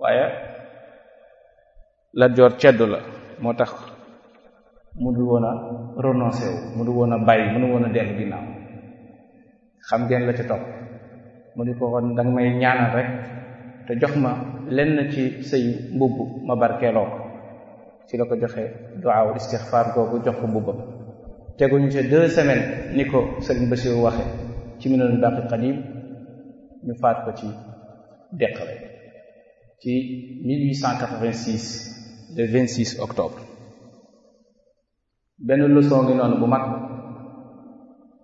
waaye la Joor ceddu la moo tax mu dul woon a renoncé wu mu dul woon a bàyyi mu dul a dellu ginnaaw xam ngeen la ca topp mu ni ko woon danga may ñaanal rek te jox ma lenn ci sëy mbubb ma barkeeloo ko ci la ko joxe duwaaw istixfaar googu jox ko mbubbam teguñu ci deux semaines ni ko sëriñ Bachir waxe ci Minanul Baaqil Qadiim ñu faat ko ci deqale ci 1886 le 26 octobre benn leçon ngi noonu bu mag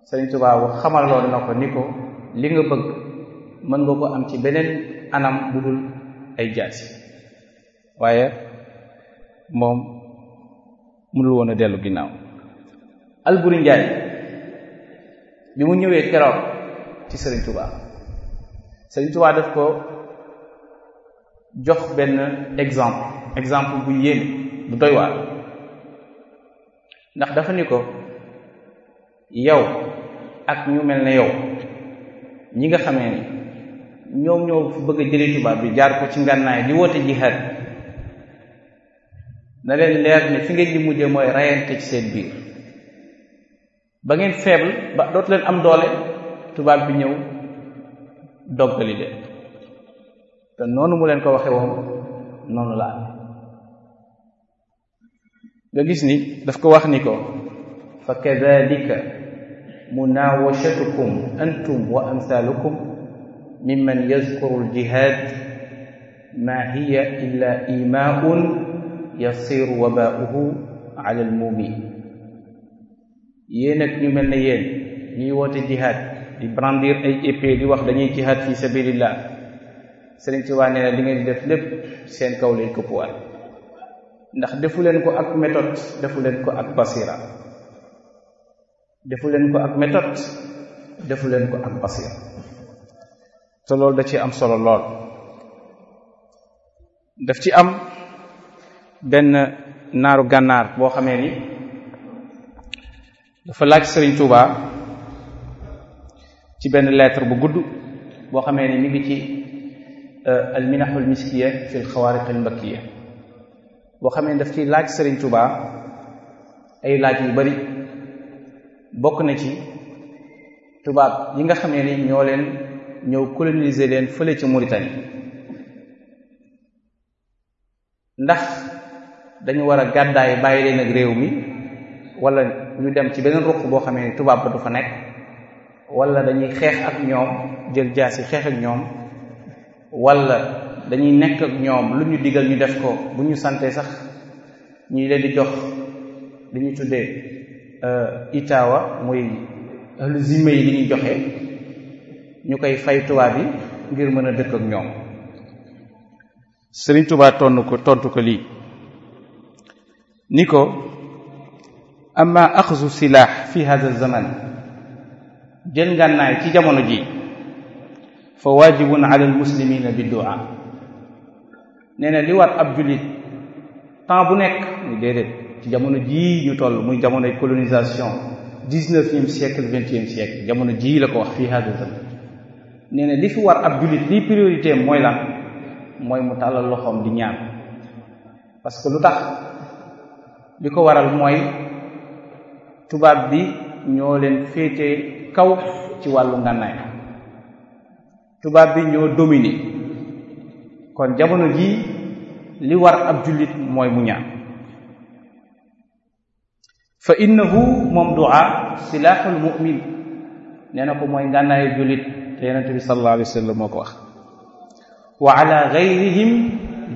sëriñ Tuubaa xamaloon na ko ni ko li nga bëgg mën nga ko am ci beneen anam bu dul ay jaasi waaye moom mënul woon a dellu ginnaaw Alburi Njaay bi mu ñëwee keroog ci Sëriñ Tubaa Sëriñ Tubaa def ko jox benn exemple exemple bu yéen bu doy waar ndax dafa ni ko yow ak ñu mel ne yow ñi nga xamee ni ñoom ñoo bëgg a jëlee tubaab bi jaar ko ci ngànnaay di woote jihaad na leen leer ne fi ngeen di mujje mooy rayante ci seet biir ba ngeen faible ba dootu leen am doole tubaab bi ñëw doggali te noonu mu leen ko waxee woon noonu la am nga gis ni daf ko wax ni ko fa naaw munawashatukum antum wa amsalukum ممن يذكر الجهاد ما هي إلا إيماء يصير وباؤه على المؤمن yéen ak ñu mel ne yéen ñuy woote jihad di brandir ay épée di wax dañuy jihad fi sabilillah sëriñ ci waa nee na li ngeen def lépp seen kaw lay këppuwaat ndax defu leen ko ak méthode defu leen ko ak basira defu leen ko ak méthode defu leen ko ak basira te loolu da ci am solo lool daf ci am benn naaru gànnaar boo xamee ni dafa laaj Sëriñ Tuubaa ci benn lettre bu gudd boo xamee ni mi ngi ci euh, alminaxul miskiya fi lxawaariq almakkiya boo xamee ni daf ci laaj Sëriñ Tuubaa ay laaj yu bari bokk na ci tubaab yi nga xamee ni ñoo leen ñëw coloniser leen fële ci Mauritanie ndax dañu war a gàddaay bàyyi leen ak réew mi walla ñu dem ci beneen ruq boo xamee tubaab ba du fa nekk walla dañuy xeex ak ñoom jël jaas yi xeex ak ñoom walla dañuy nekk ak ñoom lu ñu digal ñu def ko bu ñu santee sax ñu leen di jox li ñuy tuddee euh, itaawa muy ahlu yi li ñuy joxe ñu koy fay tubaab yi ngir mën a dëkk ak ñoom sëriñ Tuubaa tontu ko tontu ko lii ni ko amma axzu silaax fi hada zaman jël ngànnaay ci jamono ji fa waajibun ala almuslimina bi du'a nee na li war ab jullit temps bu nekk muy déedéet ci jamono jii ñu toll muy jamonoy colonisation dix-neuvième siècle vingtième siècle jamono jii la ko wax fi hada zaman nee na li fi war ab jullit li priorité mooy lan mooy mu tàllal loxoom di ñaan parce que lu tax li ko waral mooy tubaab bi ñoo leen féete kaw ci wàllu ngànnaay tubaab bi ñoo dominé kon jamono jii li war ab jullit mooy mu ñaan fa innahu moom du'a silaaxul mu'min nee na ko mooy ngànnaayu jullit te yonente bi sallallahu alayhi wa sallam moo ko wax wa ala gayrihim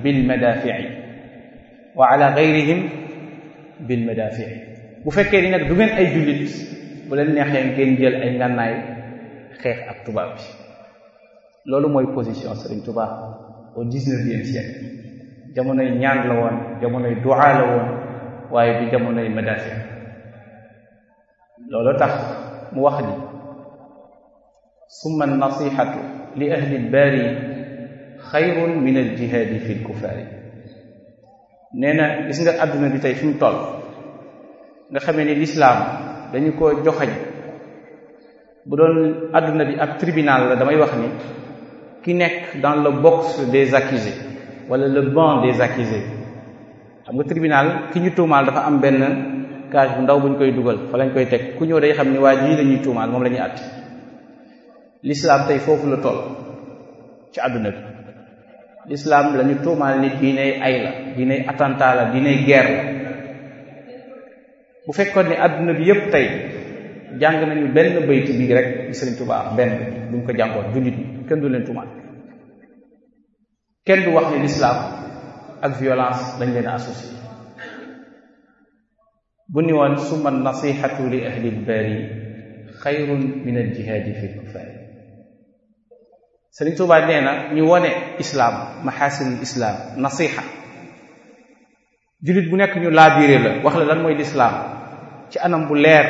bil madafii wa ala gayrihim bil madafii bu fekkee ni nag du ngeen ay jullit bu leen neexee ngeen jël ay ngànnaay xeex ak tubaab bi loolu mooy position Sëriñ Tuubaa au dix-neuvième siècle jamonoy ñaan la woon jamonoy duaa la woon waaye du jamonoy madafii loolu tax mu wax ni summa nasihatu li ahli lbaari xayrun min aljihaadi fi lkufaari nee na gis nga àdduna bi tey fi mu toll nga xamee ne lislaam dañu ko joxañ bu doon àdduna bi ak tribunal la damay wax ni ki nekk dans le box des accusés wala le banc des accusés xam nga tribunal ki ñu tuumaal dafa am benn cage bu ndaw bu ñu koy dugal fa lañ koy teg ku ñëw day xam ni waa jii la ñuy tuumaal moom la ñuy àtt lislaam tey foofu la toll ci àdduna bi lislaam lañu tuumaal ni diiney ay la diiney attentat la diiney guerre la bu fekkoon ni àdduna bi yépp tey jàng nañu benn baytu bii rek bi Sëriñ Tuubaa benn bu ñu ko jàngoon jullit ñi kenn du leen tuumaal kenn du wax ni lislaam ak violence dañ leen associé bu ni woon summa nasihatu li ahli lbaari xayrun min aljihaadi fi lkufaari Sëriñ Tuubaa nee na ñu wone islaam maxaasinul islaam nasiha jullit bu nekk ñu laabiire la wax la lan mooy lislaam ci anam bu leer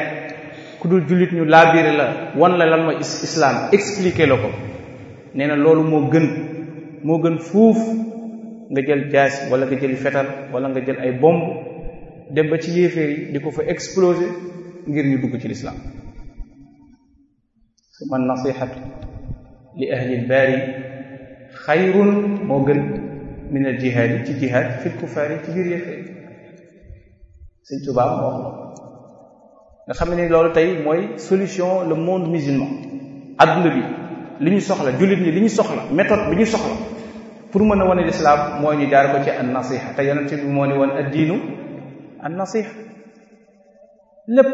ku dul jullit ñu laabiire la wan la lan mooy islaam expliqué la ko nee na loolu moo gën moo gën fuuf nga jël jaas wala nga jël fetal wala nga jël ay bomb dem ba ci yéeféer yi di ko fa explosé ngir ñu dugg ci lislaam su man nasihatu li ahlil baari xayrun moo gën min al jihaadi ci jihaad fil kufaari ci biir yëfe sëñ Tuubaa moo wax nga xam ne loolu tey mooy solution le monde musulman adduna bi li ñu soxla jullit ñi li ñu soxla méthode bi ñu soxla pour mën a wane lislaam mooy ñu jaar ko ci an nasiha te yonent bi moo ni woon addiinu an nasiha lépp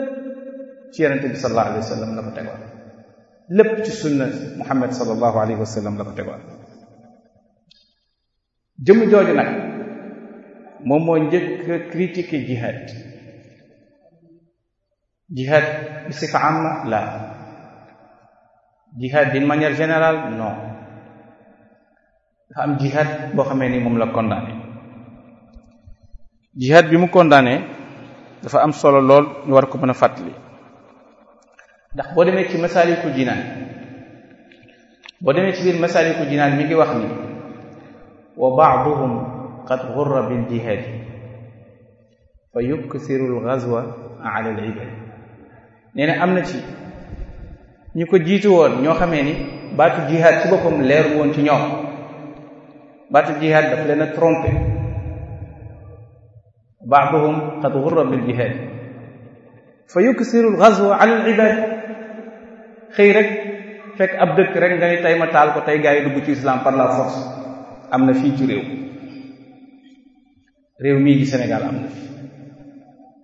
ci yonent bi sallallahu alayhi wa la ko tegoon lépp ci sunna muhammad sallallahu alayhi wa sallam la ko tegoon jëmm jooju nag moom moo njëkk a critiquer jihad jihad bi sifa amma la jihad d'une manière générale non dafa am jihad boo xamee ni moom la condamné jihad bi mu condamné dafa am solo lool ñu war ko mën a fàttali ndax boo demee ci masaliku jinaan boo demee ci biir masaliku jinaan mi ngi wax ni wa baaduhum qad gurra bil jihaadi fa yuksiru lgazwa am na ci ñu ko jiitu woon ñoo xamee ni baatu jihaad ci boppam leer ci ñoom baatu jihaad daf leen a trompé baaduhum fa yuksiru lgazwa ala rek fekk ab dëkk rek nga ni ko tey gaa la force am na fii ci réew réew mii di am na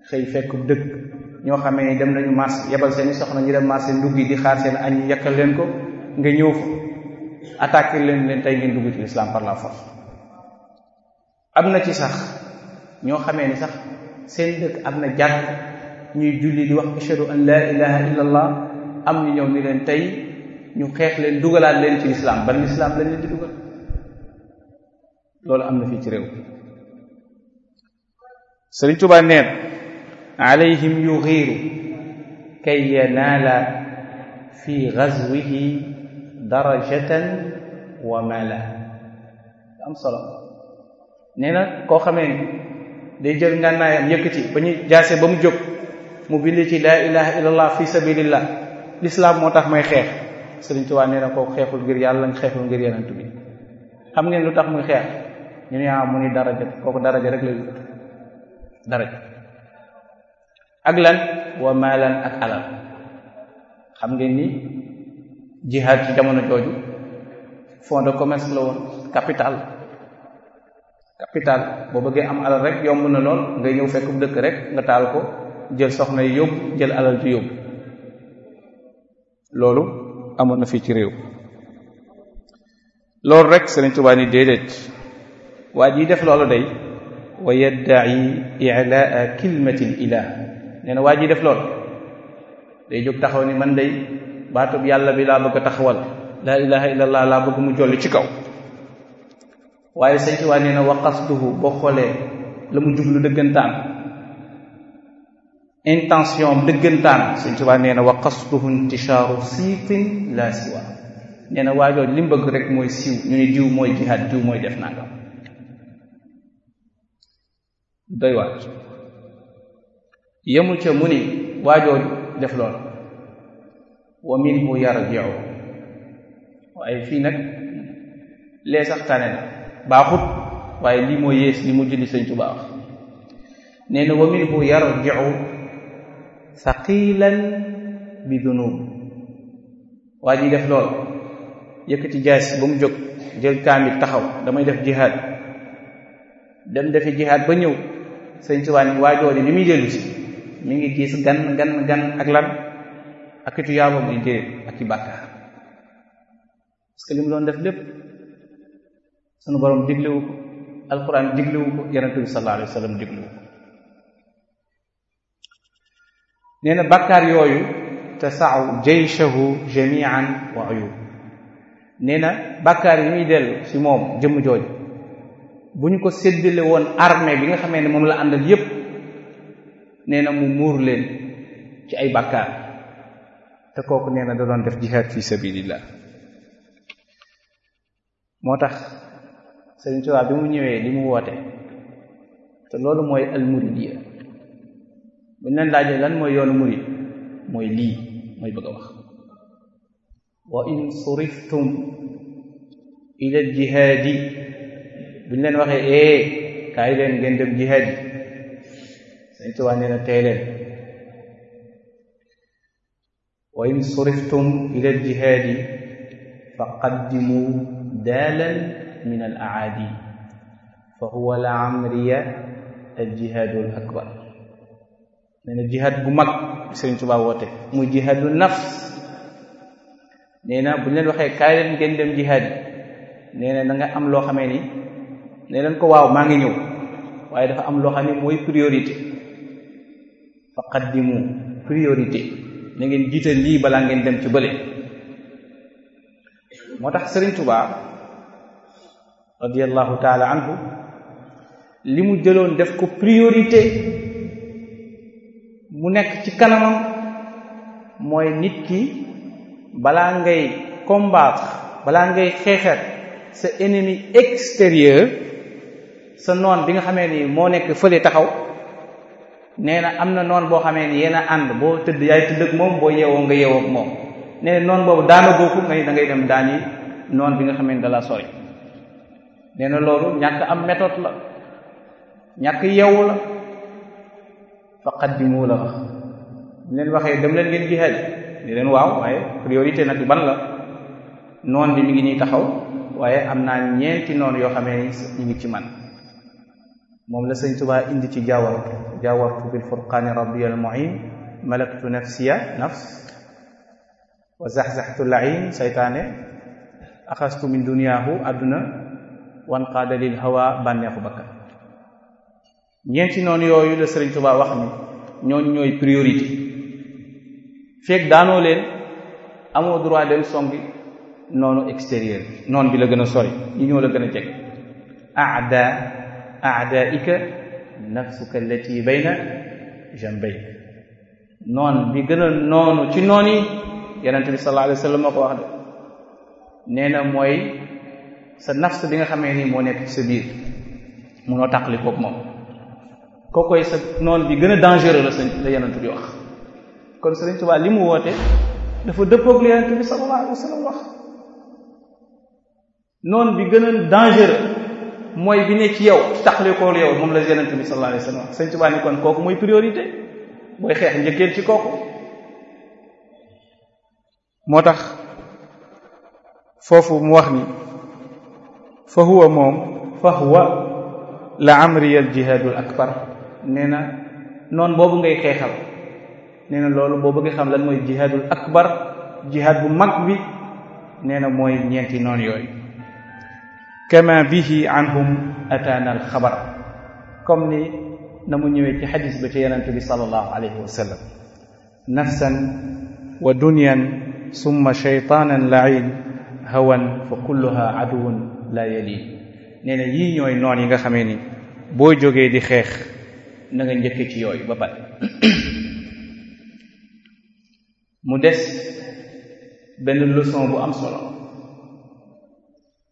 fi dëkk ñoo xamee ni dem nañu marché yebal seen i soxna ñu dem marché ndugg yi di ñu yàkkal leen ko nga ñëw leen leen tey ngeen la force am ci sax ñoo xamee ni sax seen dëkk am na jàkk ñuy julli di wax ashhadu an la ilaha illa allah am ñu ñëw ni leen tey ñu xeex leen dugalaat leen ci lislaam ban lislaam lañ leen di dugal loolu am na fi ci réew Sëriñ Tuubaa neen alayhim yughiru kay yanaala fi ghazwihi darajatan wa mala am solo nee koo xamee day jël ngànnaayam yëkkati ba ñu jaase ba mu jóg mu bind ci laa ilaha illallah fi sabilillah l'islam moo tax may xeex Sëriñ Tuubaa nee na kooku xeexul ngir yàlla nga xeexul ngir yonent bi xam ngeen lu tax muy xeex ñu ne ah mu ni daraja kooku daraja rek la wut daraja ak lan wa maalan ak alal xam ngeen ni jihaad ci jamono jooju fond de commerce la woon capital capital boo bëggee am alal rek yomb na lool ngay ñëw fekk bu dëkk rek nga taal ko jël soxna yi yóbbu jël alal ji yóbbu loolu amoon na fii ci réew loolu rek Sëriñ Tuubaa ni déedéet waa ji def loolu day wa yadda'i i'laa kilmatil waa ji def loolu day jóg taxaw ni man day baatub yàlla bi laa bëgg taxawal laa ilaha illallah laa bëgg mu jolli ci kaw waaye Sëriñ Tuubaa nee na wa boo xoolee la mu jublu dëggantaan intention dëggantaan Sëñ Tuubaa nee na wa qasduhu intishaaru siitin la siwa nee na waajooj bëgg rek mooy siiw ñu ne diw mooy jihaad diw mooy def nangam doy waat yemul ca mu ni def lool wa minhu yarjiu waaye fii nag lee sax baaxut waaye lii moo yées li mu julli Sëñ Tuubaa wax nee na wa minhu aqilan bi dunub waa ji def lool yëkkati jaas ba mu jóg jël kaamil taxaw damay def jihaad dem defi jihaad ba ñëw sëñ Tuubaa ni waa jooju li muy dellu mu ngi gis gan gan gan ak lan ak itu yaabam di dee ak i bàkkaar parce que li doon def lépp sunu borom diglewu ko alquran diglewu ko yonente bi sallallahu alayhi wa nee na bakkaar yooyu tasau jayshahu jamian wa uyub nee na bakkaar yi muy dellu ci moom jëmm jooju bu ñu ko séddale woon armée bi nga xamee ne moom la àndal yépp nee na mu muur leen ci ay bakkaar te kooku nee na da doon def jihaad fi sabilillah moo tax Sëriñ Tuubaa bi mu ñëwee li mu woote te loolu mooy almuridiya bu ñu leen laajee lan mooy yoonu murid mooy lii mooy bëgg a wax wa in suriftum ila jihaadi bu ñu leen waxee ee kaay leen ngeen dem jihaad yi sañ tuwaa nee na tey leen wa in suriftum ila jihaadi fa qaddimu daalan min al aadi fa huwa la amriya al jihaadu al akbar nee na jihaad bu mag Sëriñ Tuubaa woote muy jihaadu nafs nee na bu ñu leen waxee kaay leen ngeen dem jihaad yi nee na nga am loo xame ni ne leen ko waaw maa ngi ñëw waaye dafa am loo xam ne mooy priorité faqaddimu priorité na ngeen jiital lii balaa ngeen dem ci bële moo tax Sëriñ Tuubaa radiyallahu taala anhu li mu jëloon def ko priorité mu nekk ci kanamam mooy nit ki balaa ngay combattre balaa ngay xeexeet sa ennemi extérieur sa noon bi nga xamee ni moo nekk fële taxaw nee na am na noon boo xamee ni yéen ànd boo tëdd yaay tëdd moom boo yeewoo nga yeewoo moom nee na noon boobu daana gooku nga ni da ngay dem daani noon bi nga xamee ni da la sori nee na loolu ñàkk am méthode la ñàkk yeewu la fa qaddimu la wax ñu leen waxee dem leen ngeen jihaad ni leen waaw waaye priorité nag ban noon bi mi ngi nii taxaw waaye am naa ñeenti noon yoo xamee ni ci man moom la sëñ Tuubaa indi ci jaawartu jaawartu bil furqaani rabbi al muin malaktu nafsiya nafs wa zaxzaxtu lain saytaane axastu min duniyaahu àdduna wanqaada lil hawa bànneexu bakkan ñeenti noonu yooyu la Sëriñ Tuubaa wax ni ñooñu ñooy priorité fekk daanoo leen amoo droit dem songi noonu extérieur bi noonu bi la gën a sori ñi ñoo la gën a jeg aada aadaika nafsuka allati bayna jambay noon bi gën a noonu ci noon yi yonente bi sallallahu alayhi moo ko wax de nee na mooy sa nafs bi nga xamee ni moo nekk sa biir munoo tàqali koog moom kookoy sa noonu bi gën a dangereux la sëñ kon sëriñ li mu woote dafa dëppoog bi gën a dangereux mooy bi ci yow taxale koolu moom la yenent bi sallallahu alayhi wa kooku mooy priorité booy xeex njëkkeel ci kooku moo tax foofu mu wax ni fa huwa moom fa huwa la amri al jihaadul akbar nee na noonu boobu ngay xeexal nee na loolu boo bëggee xam lan mooy jihaadul akbar jihaad bu mag bi nee na mooy ñeenti noon yooyu kama bihi anhum ataana al xabar comme ni na mu ñëwee ci xadis ba ci yonente bi sallallahu alayhi wa sallam nafsan wa dunyan summa shaytaanan lain hawan fa kulluha aduwun la yalin nee yii ñooy noon yi nga xamee ni boo jógee di xeex na nga njëkke ci yooyu ba pare <clears throat> mu des benn leçon bu am solo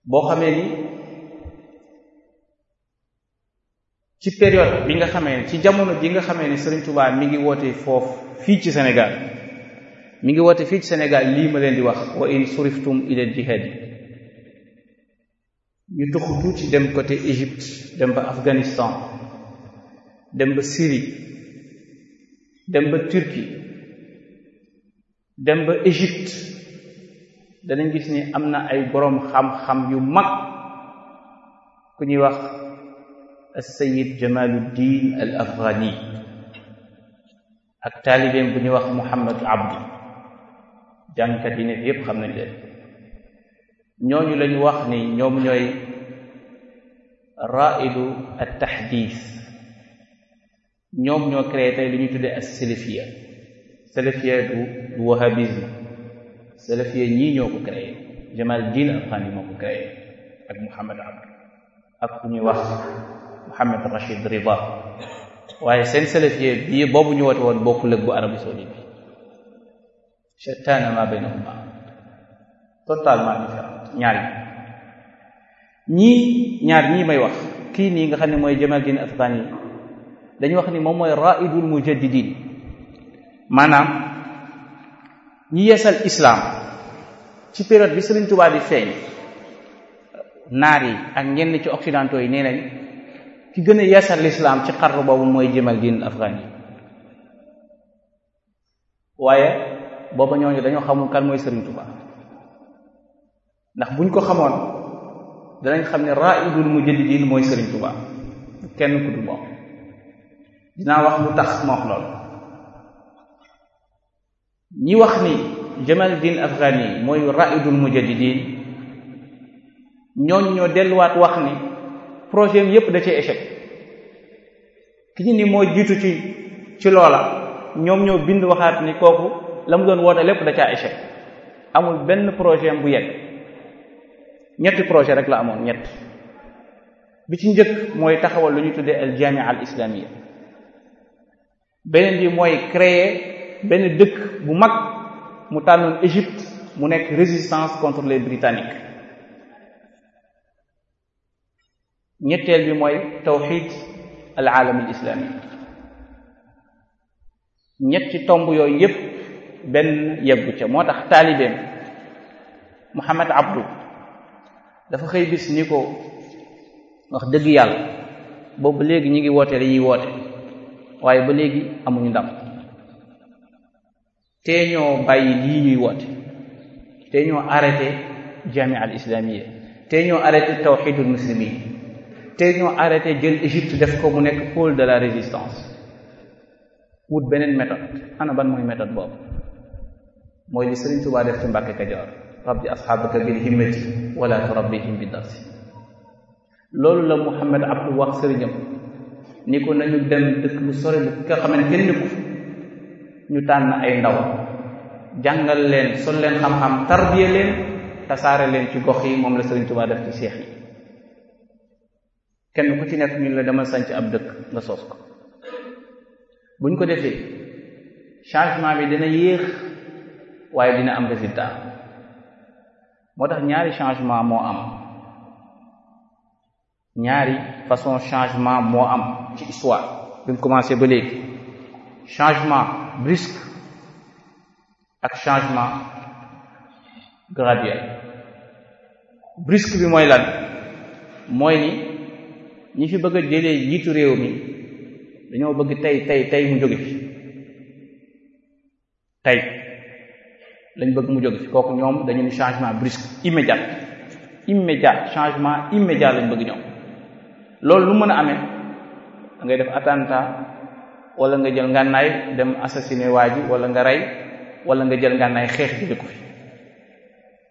boo xamee ni ci période bi nga xamee ne ci jamono ji nga xamee ni Serigne Touba mi ngi woote foofu fii ci Sénégal mu ngi woote fii ci Sénégal lii ma leen di wax wa in suriftum ila jihad ñu tuxu tuuti dem côté Égypte dem ba Afghanistan dem ba Syrie dem ba Turquie dem ba danañ gis ni am na ay boroom xam-xam yu mag ku ñuy wax as-Sayyid Jamaluddin al Afghani ak taalibeem bu ñuy wax Muhammad Abdi jàngkat yi nekk yépp xam nañ leen ñooñu lañu wax ni ñoom ñooy raidu at tahdis ñoom ñoo créé tey li ñuy tuddee as salafia salafia du du wahabisme ñii ñoo ko Jamal Diin Alqaani moo ko ak Mouhamed Abd ak ku ñuy wax Mouhamed Rachid Rida waaye seen salafia bii boobu ñu woote woon bokkul ak bu Arabie Saoudite bi ma baynahuma totalement différent ñaar yi ñii ñaar ñii may wax kii nii nga xam mooy Jamal Diin Alqaani dañuy wax ni moom mooy raidul mujaddidin maanaam ñi yeesal islaam ci période bi Sëriñ Tuubaa bi feeñ naar yi ak ñenn ci occidentaux yi nee nañ ki gën a yeesal lislaam ci xarnu boobu mooy Jamal Diin Afghani yi waaye booba ñooñu dañoo xamul kan mooy Sëriñ Tuubaa ndax buñ ko xamoon danañ xam ne raidul mujaddidin mooy Sëriñ Tuubaa kenn ku moom dinaa wax lu tax ma wax lool ñi wax ni Jamaluddin Afghani mooy raidul mujaddidin ñooñ ñoo delluwaat wax ni projet yépp da ci échec ki ñu ni moo jiitu ci ci loola ñoom ñoo bind waxaat ni kooku la mu doon woote lépp da caa échec amul benn projet bu yegg ñetti projet rek la amoon ñett bi ci njëkk mooy taxawal lu ñu tuddee al jamia al islamia beneen bi mooy créer benn dëkk bu mag mu tànnoon Égypte mu nekk résistance contre les Britanniques ñetteel bi mooy tawxid al aalam al islami ñetti tomb yooyu yépp benn yeggu ca moo tax taalibeem Muhammad Abdu dafa xëy bis ni ko wax dëgg yàlla boobu léegi ñu ngi woote la ñuy woote waaye ba léegi amuñu ndam tee ñoo bàyyi lii ñuy woote tee ñoo arrêté jamia al islamia tee ñoo arrêté tawxidul muslimin tee ñoo arrêté jël Égypte def ko mu nekk pôle de la résistance wut beneen méthode ana ban mooy méthode boobu mooy li Sëriñ Tuubaa def ci Mbàkke Kajoor rabbi asxaabaka bil himmati wala turabbihim bi darsi loolu la Muhammad Abdu wax sëriñam ni ko nañu dem dëkk bu sore bu nga xam ne kenn nekku ñu tànn ay ndaw jàngal leen sol leen xam-xam tarbiya leen tasaare leen ci gox yi moom la Sëriñ Tuubaa def ci seex yi kenn ku ci nekk ñu la dama sanc ab dëkk nga soos ko buñ ko defee changement bi dina yéex waaye dina am résultat moo tax ñaari changement moo am ñaari façon changement moo am ci histoire bi mu commencé ba léegi changement brusque ak changement graduel brusque bi mooy lan mooy ni ñi fi bëgg a jëlee jiitu réew mi dañoo bëgg tey tey tey mu jóge fi tey lañ bëgg mu jóge fi kooku ñoom dañu ni changement brusque immédiat immédiat changement immédiat lañ bëgg ñoom loolu lu mën a amee da ngay def attentat wala nga jël ngànnaay dem assassiné waa ji wala nga rey wala nga jël ngànnaay xeex jële ko fi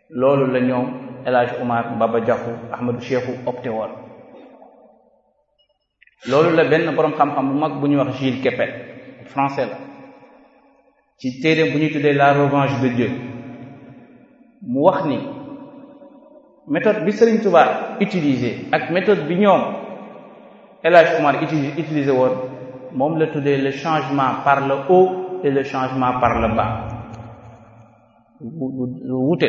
loolu la ñoom El Hadj Omar Baba Jaxu Ahmadou Cheikhou opté woon loolu la benn boroom xam-xam bu mag bu ñuy wax Gilles Kepel français la ci téere bu ñuy tuddee la revanche de Dieu mu wax ni méthode bi Sëriñ Tuubaa utilisé ak méthode bi ñoom El Hadj Omar utilisé woon moom la tuddee changement par le haut et changement par le bas wute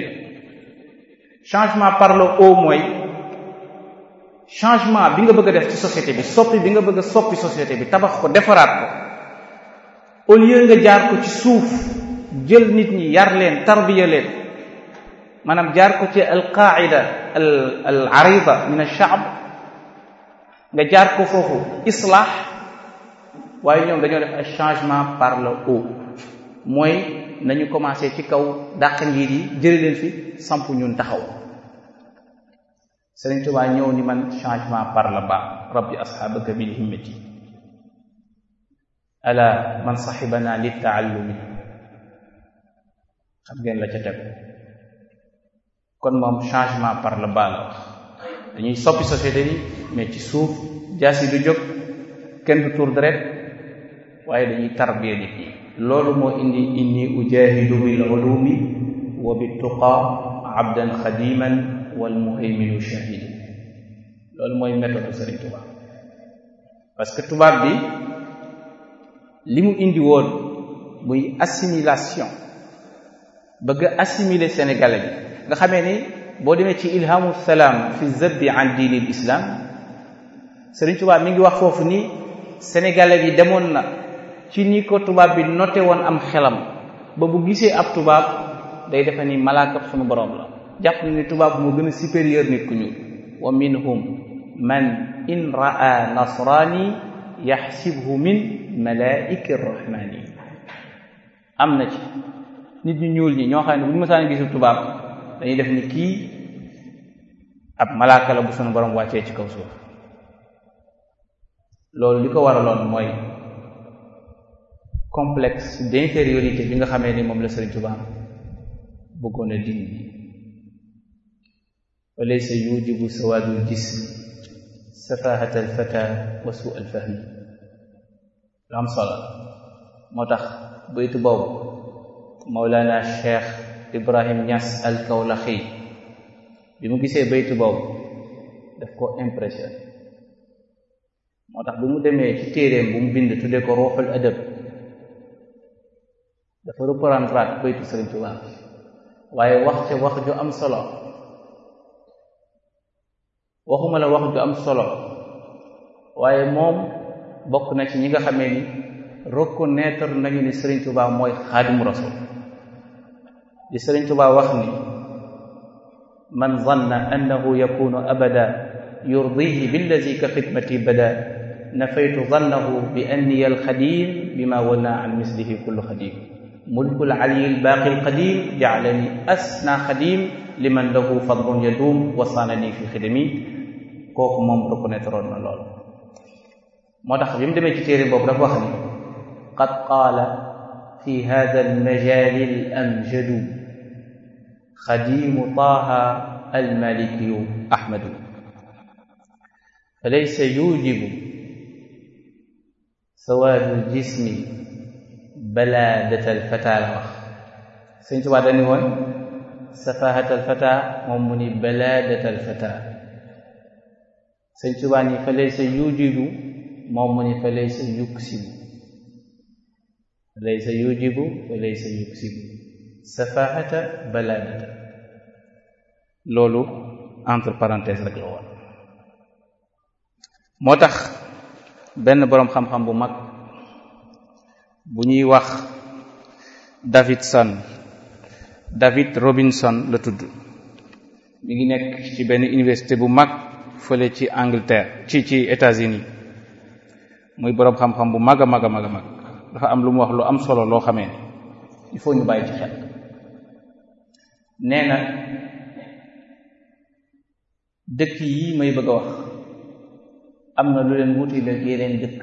changement par le haut mooy changement bi nga bëgg def ci société bi soppi bi nga bëgg a soppi société bi tabax ko defaraat ko au lieu nga jaar ko ci suuf jël nit ñi yar leen tarbiya leen maanaam jaar ko ci al qaida al arida min al shaab nga jaar ko foofu islaax waaye ñoom dañoo def changement par mooy nañu commencé ci kaw dàq njiit yi jële fi sampu ñun taxaw Sëriñ Tuubaa ñëw ni man changement par le bas rabbi asxaabaka bil himmati ala man saxibana li taallumi xam ngeen la ci teg kon moom changement par dañuy soppi société bi mais ci suuf jaas yi du jóg kenn du tuur deret waaye dañuy tarbiya nit ñi loolu moo indi inni ujahidu bil bi tuqa abdan xadiman wal muhayminu shahidi loolu mooy méthode que tubaab bi li mu indi woon muy assimilation bëgg assimiler sénégalais bi nga xamee ni boo demee ci ilhamu salaam fi zabbi an diinil islam Sëriñ Tuubaa mi ngi wax foofu ni sénégalais bi demoon na ci ni ko tubaab bi noté woon am xelam ba bu gisee ab tubaab day defe ni malaakab sunu borom la jàpp na ni tubaab moo gën a supérieur nit ku ñuul wa minhum man in raa nasraani yaxsibhu min malaa'iki am na ci nit ñu ñuul ñi ñoo xam ne bu ñu mësaan gisul tubaab dañuy def ni kii ab malaaka bu sunu borom wàccee ci kaw suuf loolu li ko waraloon mooy complexe d'intériorité bi nga xamee ni moom la Sëriñ Tuubaa bëggoon a din bi walaysa yujibu sawaadul jism safahata alfata wa suu alfahmi lu am solo moo tax baytu boobu Mawlana Cheikh Ibrahim Niass al Kawlaxi bi mu gisee baytu boobu daf ko impression moo tax bi mu demee ci téeréem bu mu bind tuddee ko ruuxul adab dafa reprendre waat baytu Sëriñ Tuubaa waaye wax ca wax ju am solo waxuma la wax ju am solo waaye moom bokk na ci ñi nga xamee ni reconnaître nañu ni Sëriñ Tuubaa mooy xaadimu rasul li Sëriñ Tuubaa wax ni man zanna annahu yakunu abada yurdihi billazi ka xidmati bada nafaytu zannahu bi anniya alxadim bima walla an mislihi kullu xadim mulku alali albaaqi alqadim jaalani asna xadim liman lahu fadlun yadum wasaanani fi xidami kooku moom reconnaître oon na lool moo tax bi mu demee ci téere boobu dafa wax ni qad qaala fi hada almajaali alamjadu خديم طه المالكي أحمد فليس يوجب سواد الجسم بلادة الفتى الأخ سنت بعد نهون سفاهة الفتى ومني بلادة الفتى سنت بعد فليس يوجب مومني فليس يكسب فليس يوجب وليس يكسب safaahata balaadata loolu entre parenthèse rek la woon moo tax benn boroom xam-xam bu mag bu ñuy wax Davidson David Robinson la tudd mu ngi nekk ci benn université bu mag fële ci Angleterre ci ci États-Unis muy boroom xam-xam bu mag a mag a mag a mag dafa am lu mu wax lu am solo loo xamee il faut ñu bàyyi ci xel nee na dëkk yi may bëgg wax am na lu leen wuti la yeneen dëkk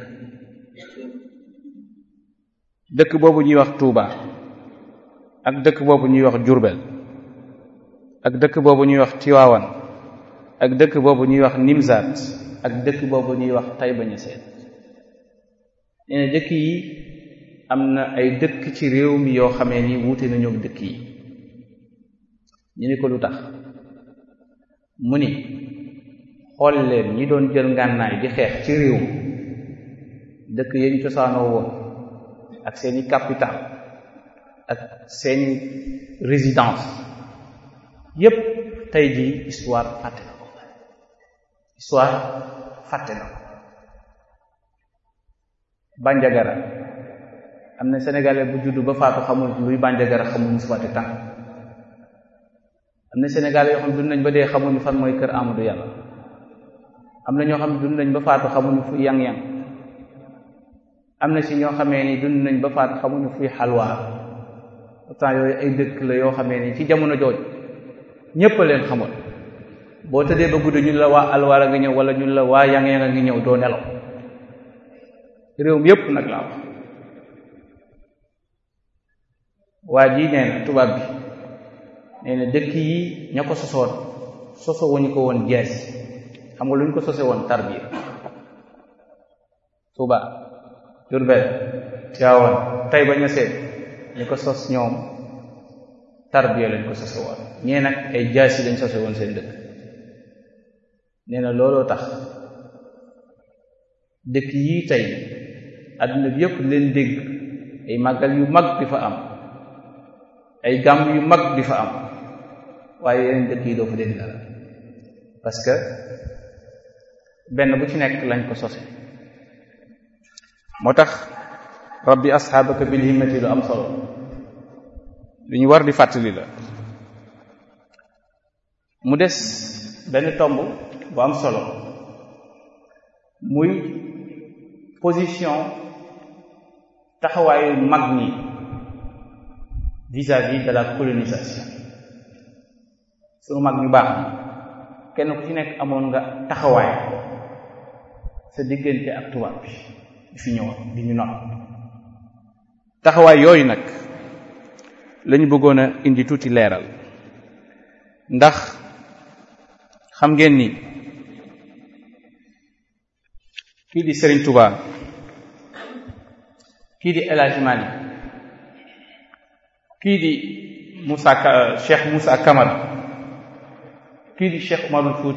dëkk boobu ñuy wax Touba ak dëkk boobu ñuy wax Jurbel ak dëkk boobu ñuy wax Tiwaawan ak dëkk boobu ñuy wax Nimzaat ak dëkk boobu ñuy wax Tayba Ñaseen dëkk yi am na ay dëkk ci réew mi yoo xamee ni wuute nañu dëkk yi ñu ni ko lu tax mu ni xool leen ñi doon jël ngànnaay di xeex ci réew dëkk yañ cosaanoo woon ak seeni capital ak seeni résidence yépp tey jii histoire fàtte na ko histoire fàtte na ko Bandiagara am na sénégalais bu juddu ba faatu xamul luy Bandiagara xamul mu fàtte tànk am na Sénégal yoo xam dund nañ ba dee xamuñu fan mooy kër Amadou Yàlla am na ñoo xam ne dund nañ ba faatu xamuñu fu yang-yang am na si ñoo xamee ni dund nañ ba faatu xamuñu fuy xalwaa pourtant yooyu ay dëkk la yoo xamee ni ci jamono jooj ñépp a boo tëddee ba gudd ñu la waa alwaar a ngi ñëw wala ñu la waa yang-yang a ngi ñëw doo nelaw réew mi yépp nag laa wax waa ji nee na tubaab bi nee na dëkk yi ña ko sosoon soso wuñu ko woon jees xam nga lu ñu ko sose woon tarbiya Tuuba Jurbel Tiwaawan tey ba seet ñu ko sos ñoom tarbiya lañ ko sose ñee nag ay jaas yi lañ sose woon seen dëkk nee na looloo tax dëkk yii tey àdduna bi yëpp leen dégg ay màggal yu mag di fa am ay gàmm yu mag di fa am waaye yeneen dëkk yi doo fa dégg dara parce que benn bu ci nekk lañ ko sose moo tax bi asxaabaka bil himmati lu am solo lu ñu war di fàttali la mu des benn tomb bu am solo muy position taxawaayu mag ñi vis-à-vis de colonisation sunu mag ñu baax kenn ku ci nekk amoon nga taxawaay sa diggante ak tubaab bi fi ñëwoon di ñu not taxawaay yooyu nag lañu bëggoon a indi tuuti leeral ndax xam ngeen ni kii di Serigne Touba kii di El Hadj kii di Moussa euh, Cheikh Moussa Kamal kii di Cheikh Umarul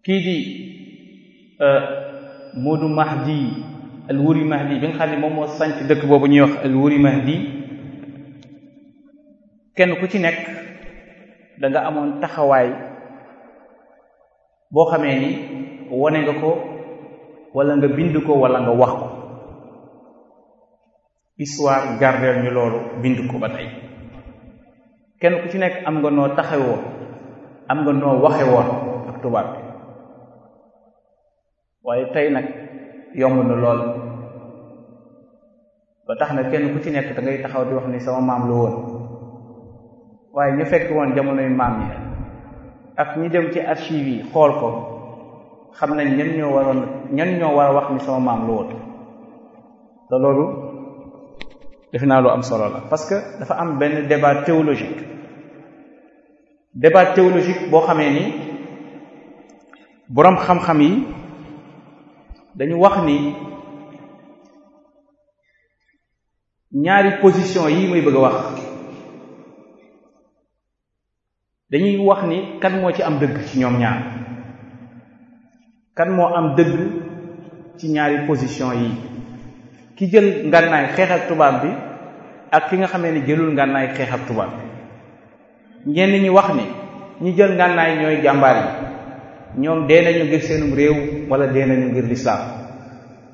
kii di euh, Moodu Mahdi al Wuri Mahdi bi nga xam ne moom moo sanc dëkk boobu ñuy wax al Wuri Mahdi kenn ku ci nekk danga amoon taxawaay boo xamee ni wone nga ko walla nga bind ko wala nga wax ko histoire gardeel ñu loolu bind ko ba tey kenn ku ci nekk am nga noo taxewoo am nga noo waxe woon ak tubaab bi waaye tey nag yomb na lool ba tax na kenn ku ci nekk da ngay taxaw di wax ni sama maam la woon waaye ñu fekk woon jamonoy maam yi ak ñu dem ci archive yi xool ko xam nañ ñan ñoo waroon ñan ñoo war a wax ni sama maam la woon te loolu defe naa lu am solo la parce que dafa am benn débat théologique débat théologique boo xamee ni boroom xam-xam yi dañu wax ni ñaari position yi muy bëgg a wax dañuy wax ni kan moo ci am dëgg ci ñoom ñaar kan moo am dëgg ci ñaari position yi ki jël ngànnaay xeex tubaab bi ak ki nga xamee ni jëlul ngànnaay xeexal tubaab bi ñenn ñi wax ni ñi jël ngànnaay ñooy jàmbaar yi ñoom dee nañu ngir seenum réew wala dee nañu ngir lislaam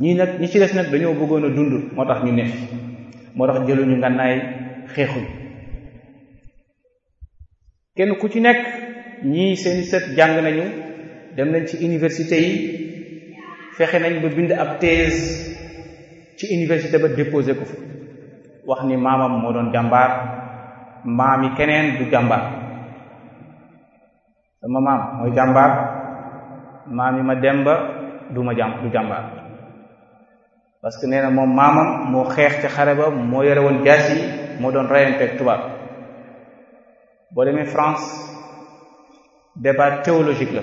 ñii nag ñi ci des nag dañoo bëggoon a dund moo tax ñu ne moo tax jëluñu ngànnaay xeexuñ kenn ku ci nekk ñi seen set jàng nañu dem nañ ci université yi fexe nañ ba bind ab thèse ci université ba déposé ko fa wax ni maamam moo doon jàmbaar maami keneen du jàmbaar sama maam mooy jàmbaar maami ma dem ba du ma jàmbaar parce que nee na moom maamam moo xeex ci xare ba moo yore woon jaas yi moo doon reyanteeg tubaab boo demee France débat théologique la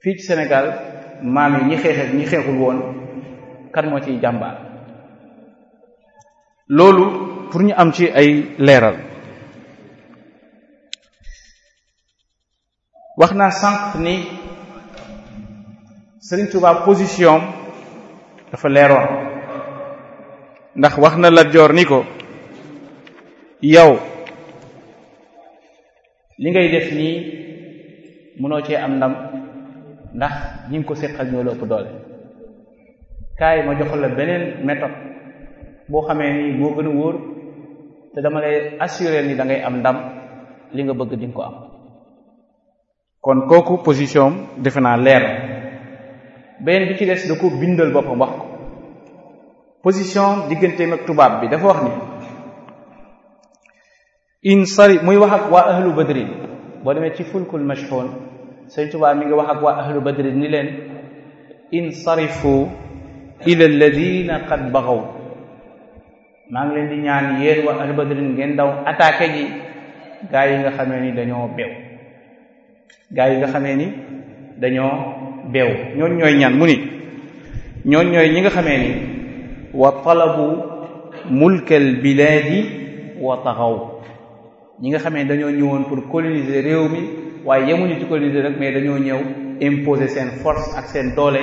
fii ci Sénégal maam yi ñi xeex ak ñi xeexul woon kan moo ciy jàmbaar loolu pour ñu am ci ay leeral wax naa sànq ni Sëriñ Tuubaa position dafa leeroon ndax wax na Lat Joor ni ko yow li ngay def nii mënoo cee am ndam ndax ñu ngi ko séq ak ñoo la ëpp doole kaay ma jox la beneen méthode boo xamee ni moo gën a wóor te dama lay assuré ni da am ndam li nga bëgg di ko am kon kooku position defe naa leer beneen bi ci des da ko bindal boppam wax ko position digganteem ak tubaab bi dafa wax ni in sari muy wax ak waa ahlu badrin boo demee ci fulkul mashhun sëñ tubaab mi ngi wax ak waa ahlu badrin ni leen in sarifu ila alladina qad baxaw maa ngi leen di ñaan yéen waa albadrin ngeen daw attaqué ji gaa yi nga xamee ni dañoo beew gaa yi nga xamee ni dañoo bew ñoon ñooy ñaan mu ñooy ñi nga xamee ni wa talabu mulkal bilaadi wa taxaw ñi nga xamee ni dañoo ñëwoon pour coloniser réew mi waaye yemuñu ci coloniser rek mais dañoo ñëw imposer seen force ak seen doole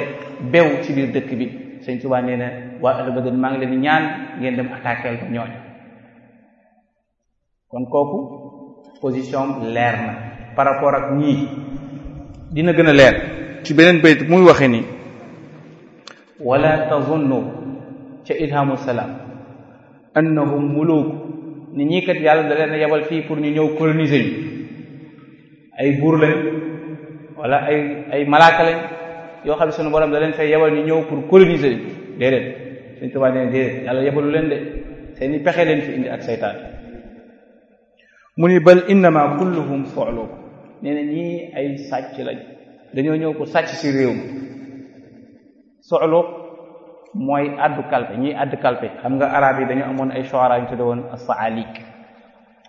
bew ci biir dëkk bi sëñ Tuubaa nee na waa ahlu badr maa ngi leen ñaan ngeen dem attaquer ko ñooñu kon kooku position leer na par rapport ak ñii dina gën a leer ci beneen bayt muy waxe ni wala tazunnu ca ilhamu salaam annahum muluk ni ñii kat yàlla da leen yebal fii pour ñu ñëw coloniser ñu ay buur lañ wala ay ay malaaka lañ yoo xam ne sunu borom da leen fa yebal ñu ñëw pour coloniser leen déedéet suñ tubaab nee déedéet yàlla yebalu leen de seeni pexe leen fi indi ak saytaan mu ni bal innama kulluhum fooloo nee na ay sàcc lañ dañoo ñëw ko sàcc si réew mi soxlu mooy addu kalpe ñii addu kalpe xam nga arab yi dañu amoon ay shuara yu tudde woon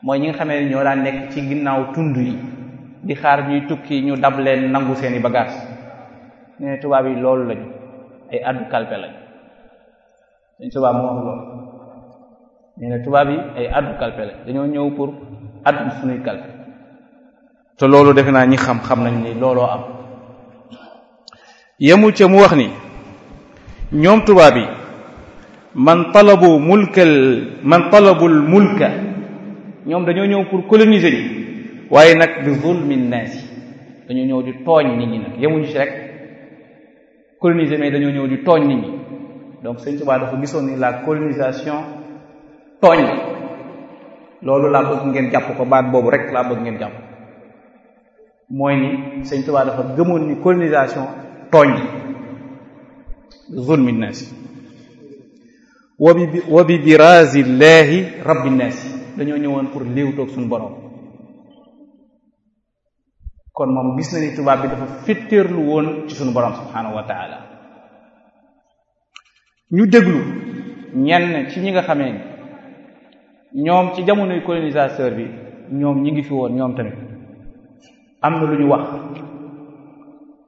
mooy ñi nga xamee ñoo daan nekk ci ginnaaw tund yi di xaar ñuy tukki ñu dab leen nangu seeni bagaas nee tubaab yi loolu lañu ay addu kalpe lañ dañ tubaab moo wax loolu nee tubaab yi ay addu kalpe lañ dañoo ñëw pour addu suñuy kalpe te loolu defe naa ñi xam-xam nañ ni looloo am yemul ca mu wax ni ñoom tubaab yi man talabu mulkal man talabul mulka ñoom dañoo ñëw pour coloniser ñi waaye nag bi zulmin naasi dañoo ñëw di tooñ nit ñi nag yemuñu ci rek coloniser mais dañoo ñëw di tooñ nit donc Sëñ Tuubaa dafa gisoon ni la colonisation tooñ la loolu laa bëgg ngeen jàpp ko baat boobu rek laa bëgg ngeen jàpp mooy ni Sëñ Tuubaa dafa gëmoon ni colonisation tooñ la zulmi naas wa bi wa bi biraazi llaahi rabbi naas dañoo ñëwoon pour léew toog suñu borom kon moom gis na ni tubaab bi dafa fetteerlu woon ci sunu borom subhanahu wa ñu déglu ñenn ci ñi nga xamee ni ñoom ci jamonoy colonisateur bi ñoom ñi ngi fi woon ñoom tamit am na lu ñu wax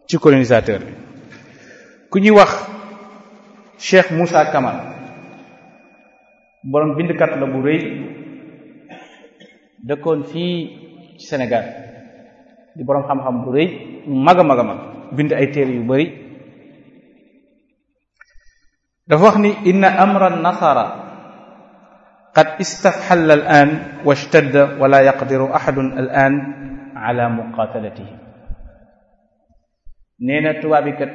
ci colonisateur bi ku ñuy wax Cheikh Moussa boroom borom bindkat la bu rëy dëkkoon fii ci di boroom xam-xam bu rëy mag a mag a mag bind ay téere yu bari dafa wax ni inna amra nasara qad istaxalla al an washtadda wala yaqdiru ahadun al an ala muqaatalatihim nee na tubaab yi kat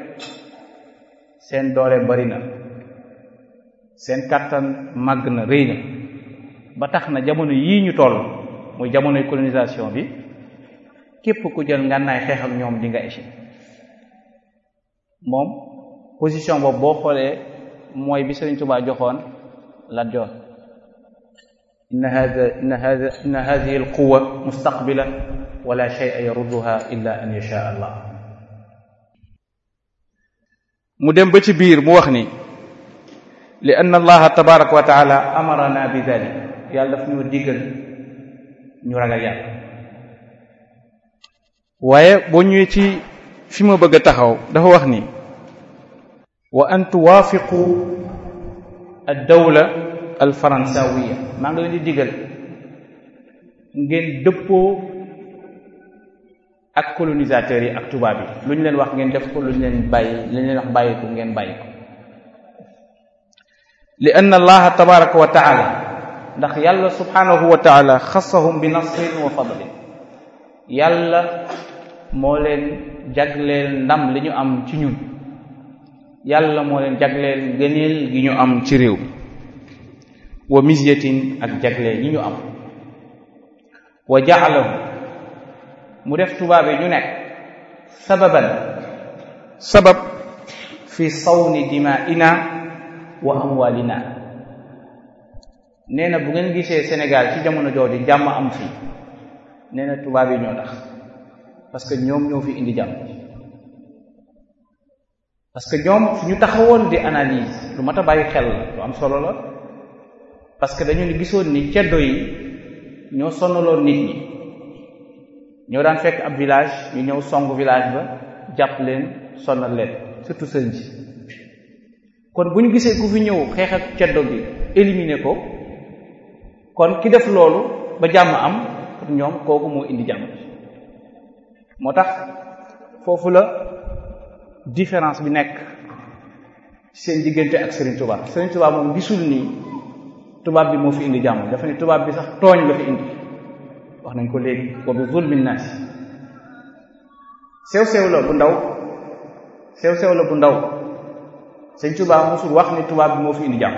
seen doole bari na seen kàttan màgg na rëy na ba tax na jamono yii ñu toll muy jamonoy colonisation bi képp ku jël ngànnaay xeex ak ñoom di nga échec moom position boobu boo xoolee mooy bi Sëriñ Tuubaa joxoon Lat Joor inna hada inna hada inna hadihi alquwa mustaqbila wala shay'a yarudduha illa an yasha allah mu dem ba ci biir mu wax ni li anna allaha tabaraka wa taala amarana bi dalik yàlla daf ñu diggal ñu ragal yàlla waaye boo ñëwee ci fi ma bëgg a taxaw dafa wax ni wa an tuwaafiqu ad dawla al faransawiya maa ngi leen di diggal ngeen dëppoo ak colonisateur yi ak tubaab yi lu ñu leen wax ngeen def ko lu ñu leen bàyyi lu ñu leen wax bàyyi ko ngeen bàyyi ko li anna allaha tabaraka wa taala ndax yàlla subhanahu wa taala xasahum bi nasrin wa fadlin yàlla moo leen jagleel ndam li ñu am ci ñun yàlla moo leen jagleel gëneel gi ñu am ci réew wa misiyatin ak jagle yi ñu am wa jaalahu mu def tubaab yi ñu nekk sababan sabab fi sawni dimaa'ina wa amwaalina nee na bu ngeen gisee Sénégal ci jamono di jàmm am fii nee na tubaabe ñoo tax parce que ñoom ñoo fi indi jàmm parce que ñoom ñu taxawoon di analyse lu mat a bàyyi xel lu am solo la parce que dañu ni gisoon ni ceddo yi ñoo sonnaloon nit ñi ñoo daan fekk ab village ñu ñëw songu village ba jàpp leen sonnal leen surtout sëñ kon bu ñu gisee ku fi ñëw xeex ceddo bi éliminer ko kon ki def loolu ba jàmm am pour ñoom kooku moo indi jàmm moo tax foofu la différence bi nekk seen diggante ak Serigne Touba Serigne Touba moom gisul nii tubaab bi moo jàmm dafa tubaab bi sax wax nañ ko léegi wa bi zulmin naas sew ndaw sew bu ndaw Serigne Touba mosul wax ne tubaab bi moo fi indi jàmm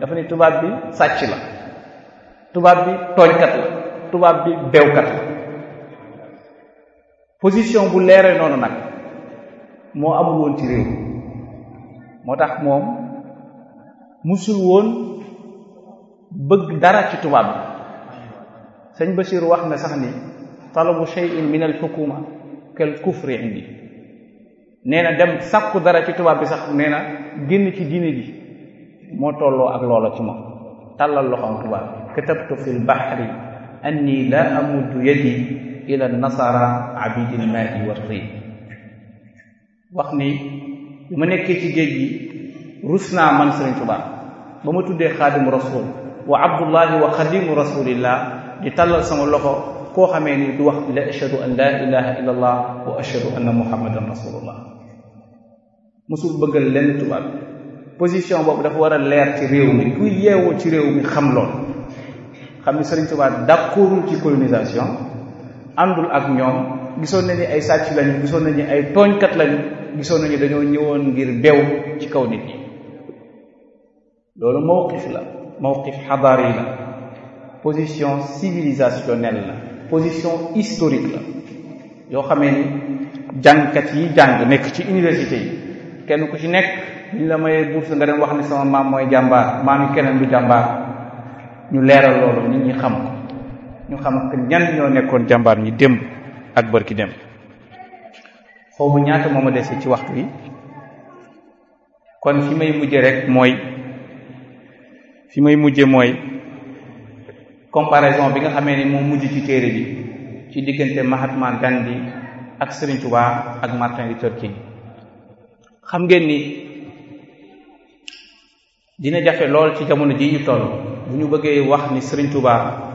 dafa ne tubaab bi sàcc la tubaab bi tooñkat la tubaab bi beewkat la position bu leere noonu nag moo amul woon ci réew moo tax moom musul woon bëgg dara ci tubaab bi sëñ Bachir wax na sax ni talabu shay'in min al xukuma kel kufri indi nee na dem sàkku dara ci tubaab bi sax nee na génn ci diine ji moo tolloo ak loola ci moom tàllal loxoom tubaab bi katabtu fil bahri anni la amuddu yadi ila nasara abidil maa'i wa tin wax ni bi ma nekkee ci géej gi rus naa man Sëriñ Tuubaa ba ma tuddee xaadimu rasul wa abdullahi wa xadimu rasulillah di tàllal sama loxo koo xamee ni du wax la ashhadu an la ilaha illa allah wa ashhadu anna muhammadan rasulullah mosul bëggal lenn tubaab position boobu dafa war a leer ci réew mi ku yeewoo ci réew mi xam lool xam ni Sëriñ Tuubaa d'accordul ci colonisation àndul ak ñoom gisoon nañu ay sàcc lañu gisoon nañu ay tooñkat lañu gisoon nañu dañoo ñëwoon ngir bew ci kaw nit ñi loolu mawqif la mawqif xadaari la position civilisationnelle la position historique la yoo xamee ni jàngkat yi jàng nekk ci université yi kenn ku ci nekk ñu la mayee bourse nga dem wax ni sama maam mooy jàmbaar maam yi keneen du jàmbaar ñu leeral loolu nit ñi xam ñu xam que ñan ñoo nekkoon jàmbaar ñi démb ak bërki démb xaw ñaata moo ma dese ci waxtu yi kon fi may mujje rek mooy fi may mujje mooy comparaison bi nga xamee ni moo mujj ci téere bi ci diggante Mahatma Gandhi ak Serigne Touba ak Martin Luther King xam ngeen ni dina jafe lool ci jamono ji ñu toll bu ñu bëggee wax ni Serigne Touba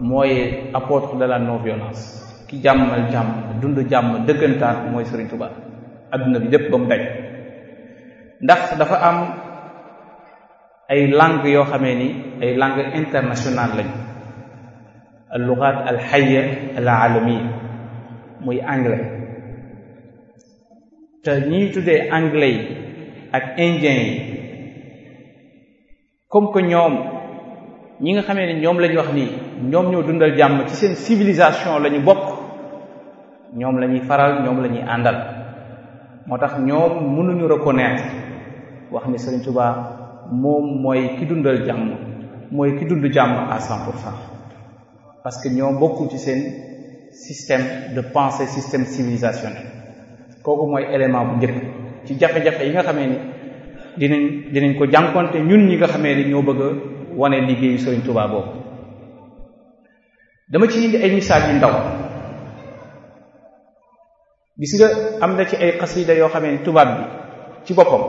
mooy apport de la non violence ki jàmmal jàmm dund jàmm dëggantaan mooy Serigne Touba adduna bi lépp ba mu daj ndax dafa am ay langue yoo xamee ni ay langue internationale lañu al lugat al xaya al muy anglais te ñiy tuddee anglais yi ak indien yi comme que ñoom ñi nga xamee ne ñoom la wax nii ñoom ñoo dundal jàmm ci seen civilisation lañu bokk ñoom lañuy faral ñoom lañuy àndal moo tax ñoom mënuñu reconnaître wax ni Sëriñ Tuba moom mooy ki dundal jàmm mooy ki dund jàmm à pour cent parce que ñoom bokkul ci seen système de pensée système civilisationnel kooku mooy élément bu njëkk ci jafe-jafe yi nga xamee ni dinañ dinañ ko jànkonte ñun ñi nga xamee ni ñoo bëgg wane liggéeyu Sëriñ Tuubaa boobu dama ci indi ay misaal yu ndaw gis nga am na ci ay xasida yoo xamee tubaab bi ci boppam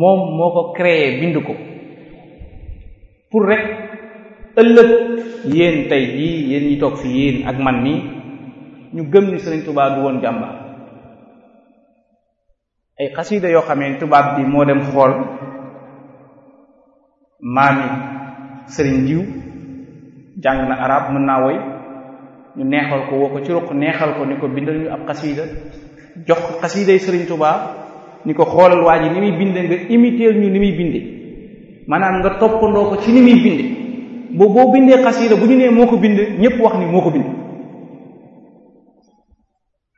moom moo ko créé bind ko pour rek ëllëg yéen tey jii yéen ñi toog fi yéen ak man nii ñu gëm ni Sëriñ Tuubaa du woon jàmbaar ay xasida yoo xamee tubaab bi moo dem xool maami sëriñ diw jàng na arab mën naa woy ñu neexal ko woo ko ci ruq neexal ko ni ko bind ñu ab xasiida jox ko xasiiday sëriñ tubaa ni ko xoolal waa ji ni muy binde nga imiteel ñu ni muy binde maanaam nga toppandoo ko ci ni muy binde boo boo bindee xasiida bu ñu nee moo ko bind ñépp wax ni moo ko bind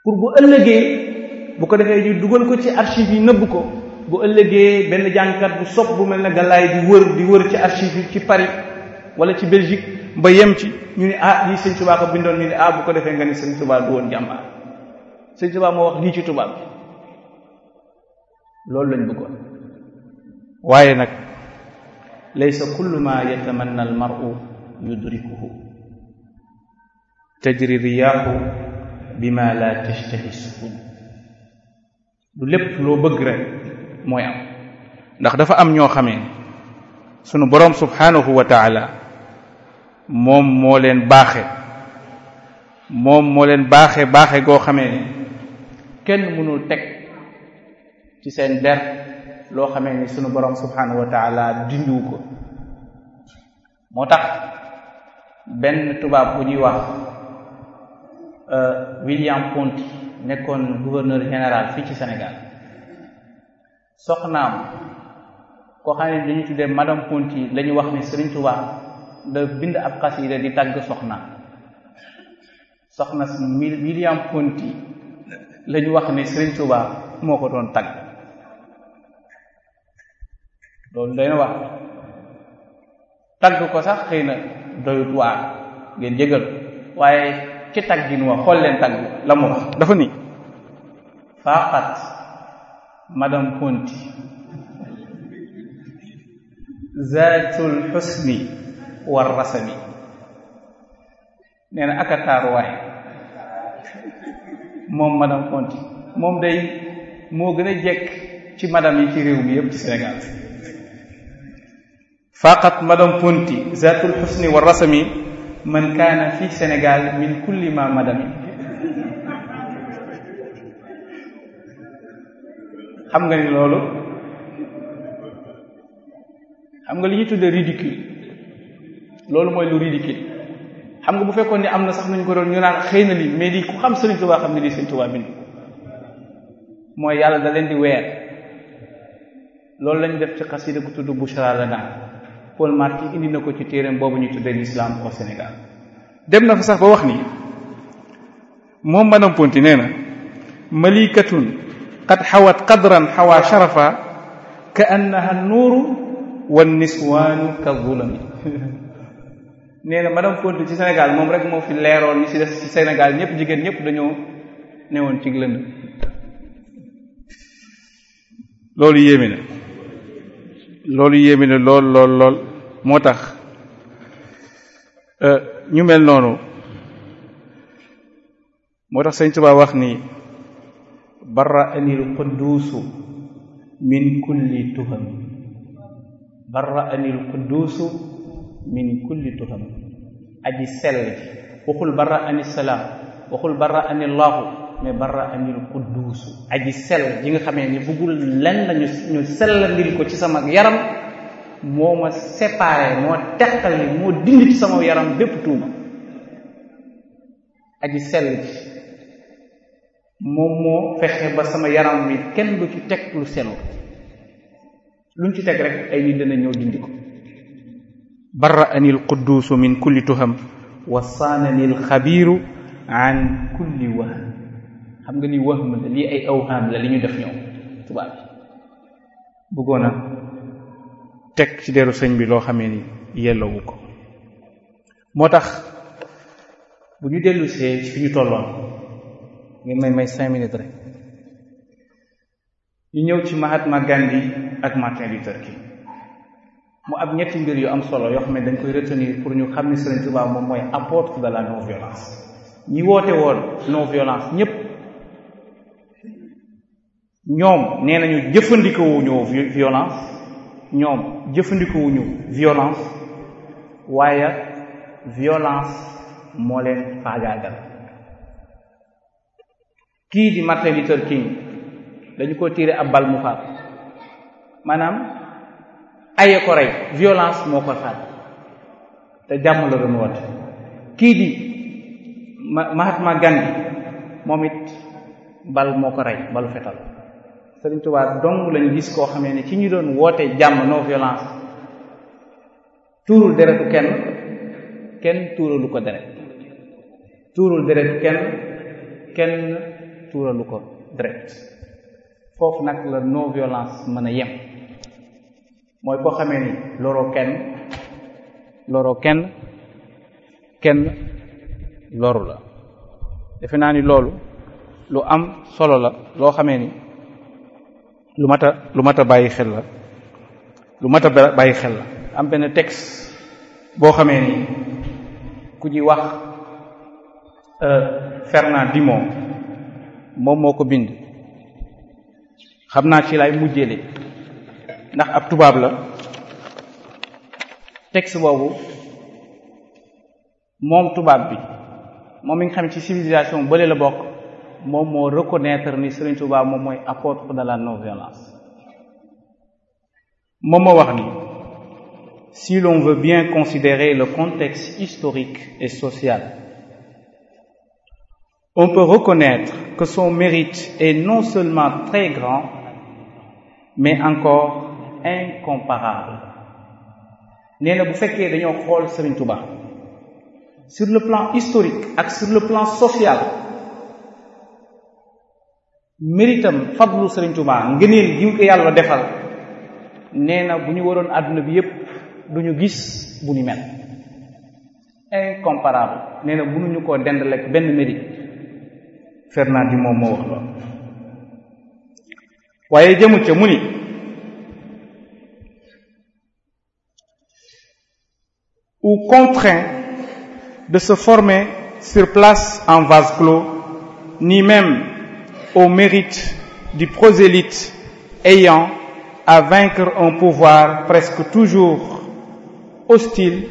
pour bu ëllëgee bu ko defee ñu dugal ko ci archive yi nëbb ko bu ëllëgee benn jàngkat bu sopp bu mel ne galaay di wër di wër ci archive ci Paris wala ci Belgique ba yem ci ñu ni ah lii sëñ Tuubaa ko bindoon ñu ne ah bu ko defee nga ni sëñ Tuubaa du woon jàmbaar sëñ Tuubaa moo wax lii ci tubaab bi loolu lañ bëggoon waaye nag laysa kullu ma yatamanna al mar'u yudrikuhu tajri riyaahu bima la tashtahi suhun du lépp loo bëgg rek mooy am ndax dafa am ñoo xamee sunu boroom subhanahu wa taala moom moo leen baaxe moom moo leen baaxe baaxe goo xamee ne kenn mënul teg ci seen der loo xamee ni sunu boroom subhanahu wa taala ko moo tax benn tubaab bu ñuy wax euh, William Ponty nekkoon gouverneur général fii ci senegal soxnaam koo xam ne dañu tuddee madame Ponti la ñu wax ni Sëriñ Tuubaa da bind ab xasida di tàgg soxna soxna William Ponti la ñu wax ni Sëriñ Tuubaa moo ko doon tàgg loolu doy na wax tagg ko sax xëy na doyut waar ngeen jégal waaye ci taggin wa xool leen tagg la mu wax dafa ni faaxat madame Ponti zaatul xusni war rasami nee na aka taaruwaay moom madame Ponti moom day moo gën a jekk ci madame yi ci réew mi yépp ci Sénégal faqat madame Ponti zaatul xusni war rasami man kaana fi Sénégal min kulli ma madami xam nga ni loolu xam nga li ñuy tuddee ridicule loolu mooy lu ridicule xam nga bu fekkoon ni am na sax nañ ko doon ñu naan xëy na lii mais lii ku xam Sëriñ Tuubaa xam ne lii Sëriñ Tuubaa bind mooy yàlla da leen di weer loolu lañ def ci xasida gu tudd Bushra la naan Paul Marty indi na ko ci téeram boobu ñu tuddee l'islam au Sénégal dem na sax ba wax ni moom Madame Ponti malikatun قد حوت قدرا حوى شرفا كأنها النور والنسوان كالظلم nee na madame Fodé ci Sénégal moom rek moo fi leeroon ñi ci des ci Sénégal ñëpp jigéen ñëpp dañoo newoon ci lënd loolu yéeme na loolu yéeme na lool lool moo tax euh, ñu mel noonu moo tax Sëñ Tuubaa wax nii barra'ani alqudduusu min kulli tuhami barra'ani alqudduusu min kulli tuhami aji sell waxul barra'ani salaam waxul barra'ani allahu mais barra'ani alqudduusu aji sell ji nga xamee ni bëggul lenn ñu ñu sell ndil ko ci sama yaram moo ma séparé moo teqali moo dindi ci sama yaram bépp tuuma aji sell ji moom moo fexe ba sama yaram bi kenn du ci teg lu senu luñ ci teg rek ay nit dana ñëw dindi ko barra ani alquddus min kulli tuham wa saanani alxabiru an kulli wahm xam nga li wahm la lii ay awham la li ñu def ñoom tubaab bi bëggoon teg ci deru sëñ bi loo xamee ni yellowu ko moo tax bu ñu dellusee ci fi ñu tolloon ngeen may may cinq minutes rek ñu ñëw ci Mahatma Gandhi ak Martin Luther King mu ab ñetti mbir yu am solo yoo xam ne dañ koy retenir pour ñu xam ne Serigne Touba moom mooy apôtre de la non violence ñi woote woon non violence ñépp ñoom nee nañu jëfandikoowuñu violence ñoom jëfandikoowuñu violence waaye violence moo leen faagaagal kii di Martin Luther King dañu ko tiire ab bal mu faat maanaam aye ko rey violence moo ko faat te jàmm la doon woote kii di Mahatma Gandhi moom it bal moo ko rey balu fetal Sëriñ Tuubaa dong lañu gis koo xamee ne ci ñu doon woote jàmm non violence tuurul deretu kenn kenn tuuralu ko deret tuurul deretu kenn kenn tuuralu ko direct foofu nag la non violence mën a yem mooy koo xamee ni loroo kenn loroo kenn kenn loru la defe naa ni loolu lu am solo la loo xamee ni lu mat a lu mat a bàyyi xel la lu mat a bàyyi xel la am benn tex boo xamee ni ku ji wax euh, Fernand Dimon moom moo ko bind xam naa ci lay mujjele ndax ab tubaab la texte boobu moom tubaab bi moom mi nga xam ci civilisation bële la bokk moom moo reconnaître ni Serigne tubaab moom mooy apôtre de la non-violence moom moo wax ni si l'on veut bien considérer le contexte historique et social on peut reconnaître que son mérite est non seulement très grand, mais encore incomparable. nee bu fekkee dañoo xool Serigne ba sur le plan historique ak sur le plan social méritam fadlu Serigne Touba ngëneel gi ko yàlla defal nee na bu ñu waroon àdduna bi yépp du ñu gis bu ñu mel incomparable nee na mënuñu koo dendaleek benn mérite Fernaadi moom moo wax lool waaye jëmu ca mu ni ou contraint de se former sur place en vase clos ni même au mérite du prosélyte ayant à vaincre un pouvoir presque toujours hostile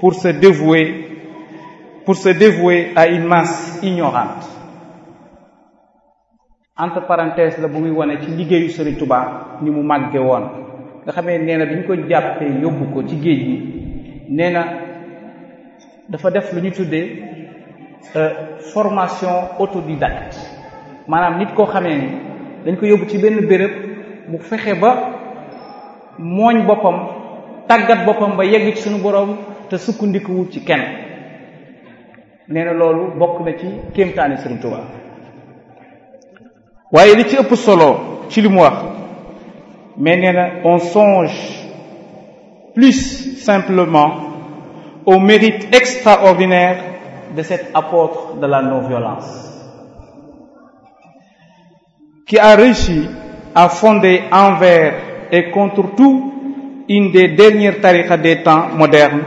pour se pour se dévouer à une masse ignorante entre parenthèse la bu muy wanee ci liggéeyu Serigne Touba ni mu màgge woon nga xamee nee na bi ko jàppee yóbbu ko ci géej gi nee na dafa def lu ñu tuddee euh, formation autodidacte maanaam nit koo xamee ni dañ ko yóbbu ci benn béréb mu fexe ba mooñ boppam tàggat boppam ba yegg ci suñu boroom te sukkandikuwul ci kenn nee na loolu bokk na ci kéemtaani Serigne Touba. waaye li ci solo ci mais nee na on songe plus simplement au mérite extraordinaire de cet apôtre de la non-violence qui a réussi à fonder envers et contre tout une des dernières tariqas des temps modernes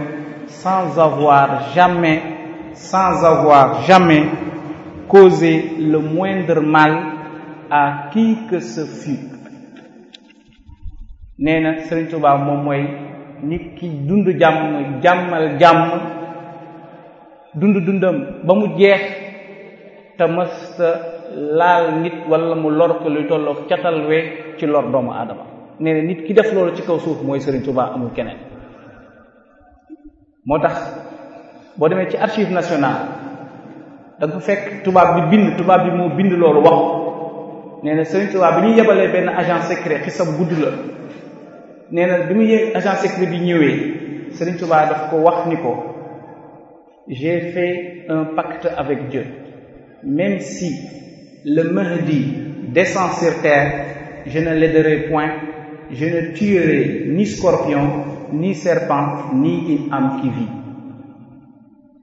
sans avoir jamais sans avoir jamais causé le moindre mal à qui que ce fût nee na Sëriñ Tuubaa moom mooy nit ki dund jàmm jàmmal jàmm dund dundam ba mu jeex te mësta laal nit wala mu lor ko luy tolloog catal we ci lor doomu aadama nee na nit ki def loolu ci kaw suuf mooy Sëriñ Tuubaa amul keneen moo tax boo demee ci archive nationale da nga fekk tubaab bi bind tubaab bi moo bind loolu wax nee na Serigne Touba bi ñu yebalee benn agent secret xisa bu gudd la nee na bi mu yëg agent secret bi ñëwee Serigne Touba daf ko wax ni ko j'ai fait un pacte avec Dieu même si le Mahdi descend sur terre je ne l'aiderai point je ne tuerai ni scorpion ni serpent ni une âme qui vit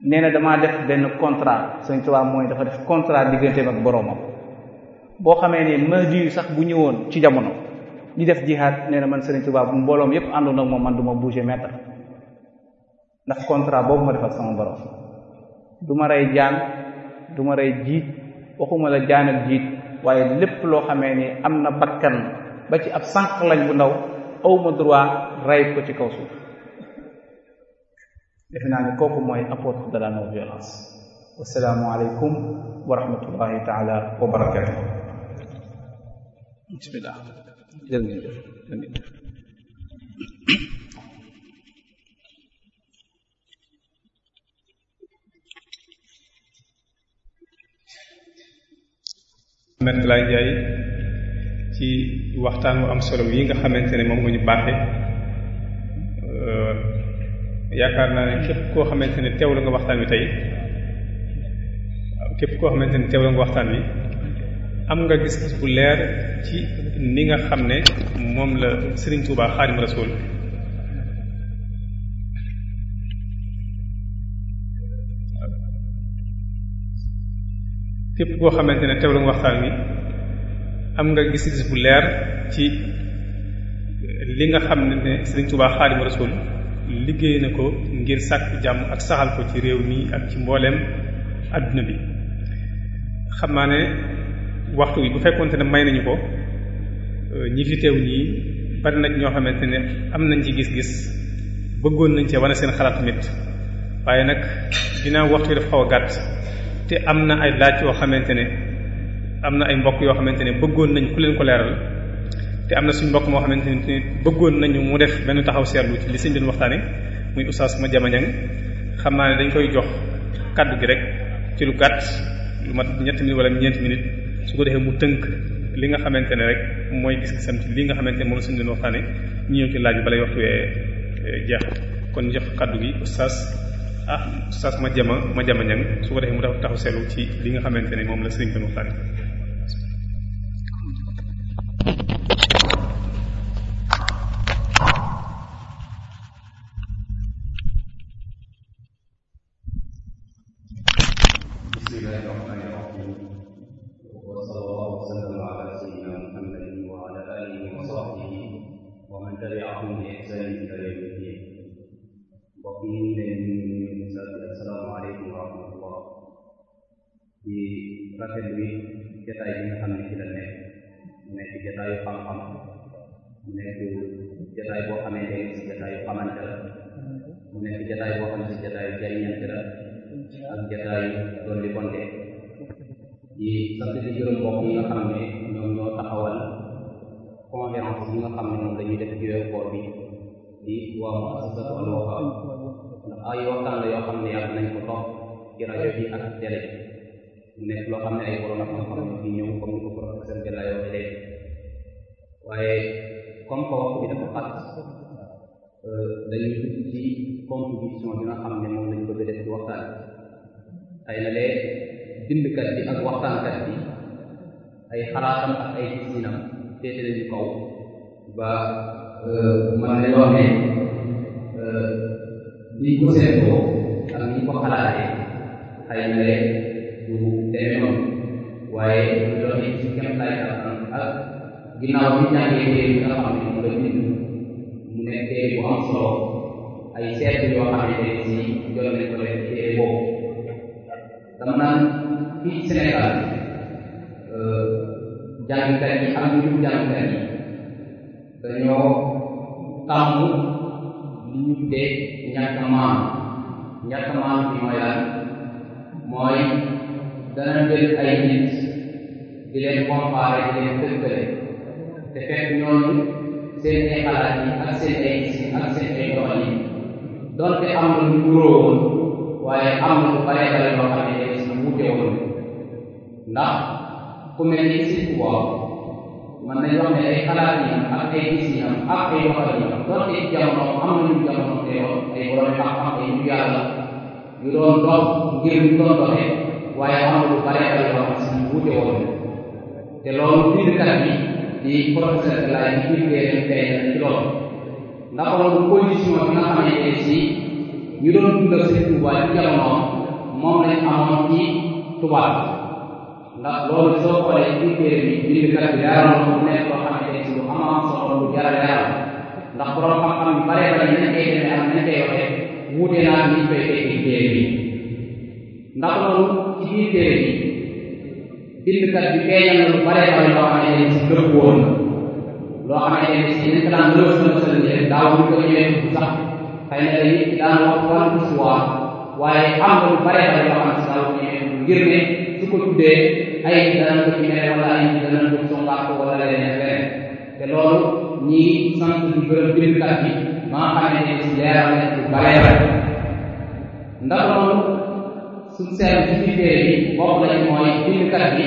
nee na damaa def benn contrat Serigne Touba mooy dafa def contrat digganteem ak boroomam boo xamee ne mahdi yu sax bu ñëwoon ci jamono di def jihaad nee na man Serigne Touba bu mbooloom yépp àndoon ak moom man du ma bouger mètre ndax contrat boobu ma defal sama borom du ma rey jaan du ma rey jiit waxuma la jaan ak jiit waaye lépp loo xamee ni am na bakkan ba ci ab sànq lañ bu ndaw awma droit rey ko ci kaw suuf defe naa ne kooku mooy apôtre de la non violence wasalaamualeykum wa rahmatullahi taala bismillah jërë ngeen ci waxtaan wu am solo yi nga xamante ne moom nga ñu baaxe euh, yaakaar naa ne koo xamante ne teewlu nga waxtaan wi tey képp koo xamante ne teewlu nga waxtaan wi am nga gis bu leer ci ni nga xam ne moom la Sëriñ Tuubaa Xaadimu Rasuul képp koo xamante ne teewlu nga waxtaan wi am nga gis-gis bu leer ci li nga xam ne Sëriñ Tuubaa Xaadimu Rasuul liggéey na ko ngir sàkk jàmm ak saxal ko ci réew mi ak ci mbooleem adduna bi xam naa ne waxtu wi bu fekkonte ne may nañu ko euh, ñi fi teew ñii bari na ñoo xamante ne am nañ ci gis-gis bëggoon nañ cee wane seen xalaat tamit waaye nag dinaa waxtu wi dafa xaw a gàtt te am na ay laaj yoo xamante ne am na ay mbokk yoo xamante ne bëggoon nañ ku leen ko leeral te am na suñ mbokk moo xamante ne bëggoon nañu mu def benn taxaw seetlu ci li sëñ doon waxtaane muy oustaz ma jamañang xam naa ne dañ koy jox kaddu gi rek ci lu gàtt lu ma ñetti minutes wala ñeenti minutes su ko defee mu tënk li nga xamante ne rek mooy gis-gisam ci li nga xamante ne moom suñu leen waxtaane ñu ñëw ci laaj bi balay waxtu wee eh, jeex kon jox kaddu gi oustaz ah oustaz ma jama ma jama ñang su ko defee mu tax taxu seetlu ci li nga xamante ne moom la sëriñ doon waxtaane contribution bi nga xam ne moom lañ bëgg def ci waxtaan xëy na lee bindkat bi ak waxtaankat bi ay xalaatam ak ay gisinam féete nañu kaw ba euh, mën nañu wax ne euh, ni ko seetloo ak ni ko xalaatee xëy na lee du demee noonu waaye ñu doon ne ci kem laay ak ginnaaw bi jàngee téere bi nga xam ne moom la bind mu nekk téere bu solo ay seet yoo xamante ne si doon nañ ko def téere boobu dama naan fii Sénégal jàngkat yi am ñu jàngkat yi dañoo tàmm li ñu tuddee ñàkk maam ñàkk maam bi mooy lan mooy dana jël ay nit di leen comparé di leen tëkkale te fekk ñooñu seen ay xalaat yi ak seen ay gis yi ak seen ay doxal yi donte am na lu wóoroo woon waaye am na lu bare bare loo xam ne dañu si wute woon ndax ku mel ni si waaw man nañu wax ne ay xalaat yi am ak ay gis yi am ak ay wax yi am donte jamono am na ñu jamono te woon ay borom xam-xam ay ñu yàlla yu doon dox ngir ñu doon doxee waaye am na lu bare bare loo xam si wute woon te loolu bindkat bi di professeur Laye di firndee leen feeñal ci loolu ndax loolu condition bi nga xamante ne si ñu doon dundal seen tubaab ci jamonoom moom lañ amoon ci tubaab ndax loolu soo xoolee ci téere bi bindkat bi leeral mu nekk loo xamante ne si lu am am solo lu jar a leeral ndax borom xam-xam yu bare bare nañ koy demee ak nañ koy ni ñu koy fekk ci téere bi ndax loolu ci biir téere bi bindkat bi feeñal na lu bare bare loo xamante loo xamante ne si yeneen plan loolu suma sëriñ daaw ñu ko ñëwee bu sax xëy na dañuy daan wax wàllu suwaa waaye am na lu bare bare yoo xam ne daaw ñëwee ngir ne su ko tuddee ay danañ ko ci mere wala ay danañ ko songaat ko wala leneen leneen te loolu ñii sant di gërëm bindkat yi maa xamante ne si leeral nañ lu bare bare ndax loolu suñ seetlu ci biir téere bi bokk nañ mooy bindkat bi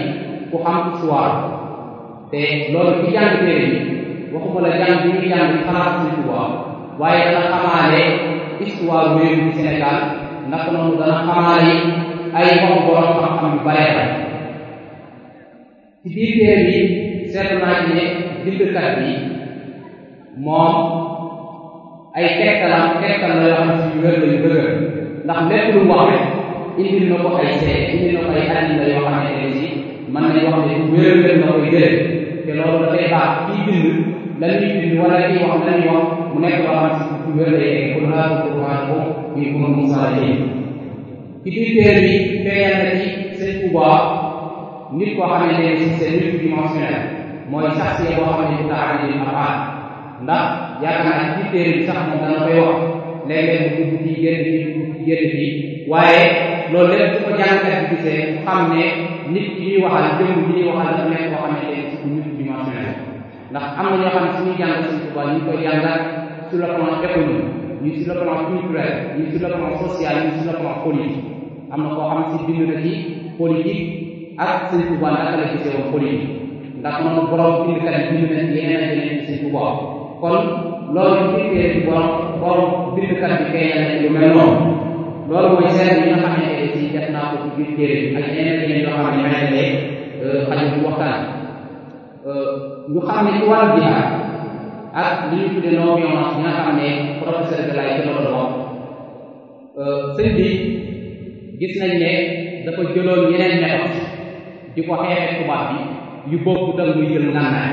ku xam suwaa te loolu ci jàng téere bi waxu ko la jàng bi ñu jàng xalaat waaye dana xamaale histoire bu réew bu Sénégal naka noonu dana xamaale ay waxu borom xam-xam yu bare la ci biir téere bi seetlu naa ci ne bindkat bi moom ay tegtalam tegtal la yoo xam ne yu la yu dëgër ndax lépp lu wax rek indil na ko ay seet indil na ko ay àddina yoo ne mën ne wér-wér na koy jëlee te loolu dafay baax kii bind la ñuy bind wala la ñuy wax la ñuy wax mu nekk ba mat ku wér day kon laa ko Qur'aan ko muy mun mun sala yi ci biir téere bi feeñal na ci sëñ Touba nit koo xam ne c'est nit dimensionnel mooy sax si boo xam ne du tax ni alxuraan ndax yaakaar naa ci téere bi sax moom dana koy wax léeg-léeg mu dugg ci génn ci dugg ci génn ci waaye loolu lépp su ko jàngkat bi gisee mu xam ne nit ki ñuy waxal jëmm bi ñuy waxal dafa nekk koo xam ne ci nit ndax am na ñoo xam ne suñuy jàng Sëriñ Tuubaa ñu ngi koy jàngal sur le plan économique ñu sur le plan culturel ñu sur le plan social ñu sur le plan politique am na koo xam ne si bind na ci politique ak Sëriñ Tuubaa naka la gisee woon politique ndax moom borom bindkat yi bind na ci yeneen ak yeneen Sëriñ Tuubaa kon loolu ñu fekkee ci borom borom bindkat bi feeñal na lu mel noonu loolu mooy seet yi nga xam ne si def naa ko ci biir téere bi ak yeneen yeneen yoo xam ne ñu euh, waxtaan ñu eh, xam ne ci wàllu jihaad ak li ñu tuddee non violence bi nga xam ne professeur de lay jëloon moom sëñ bi gis nañ ne dafa jëloon yeneen méthode di ko xeexee tubaab bi yu bokk dal muy jël ngànnaay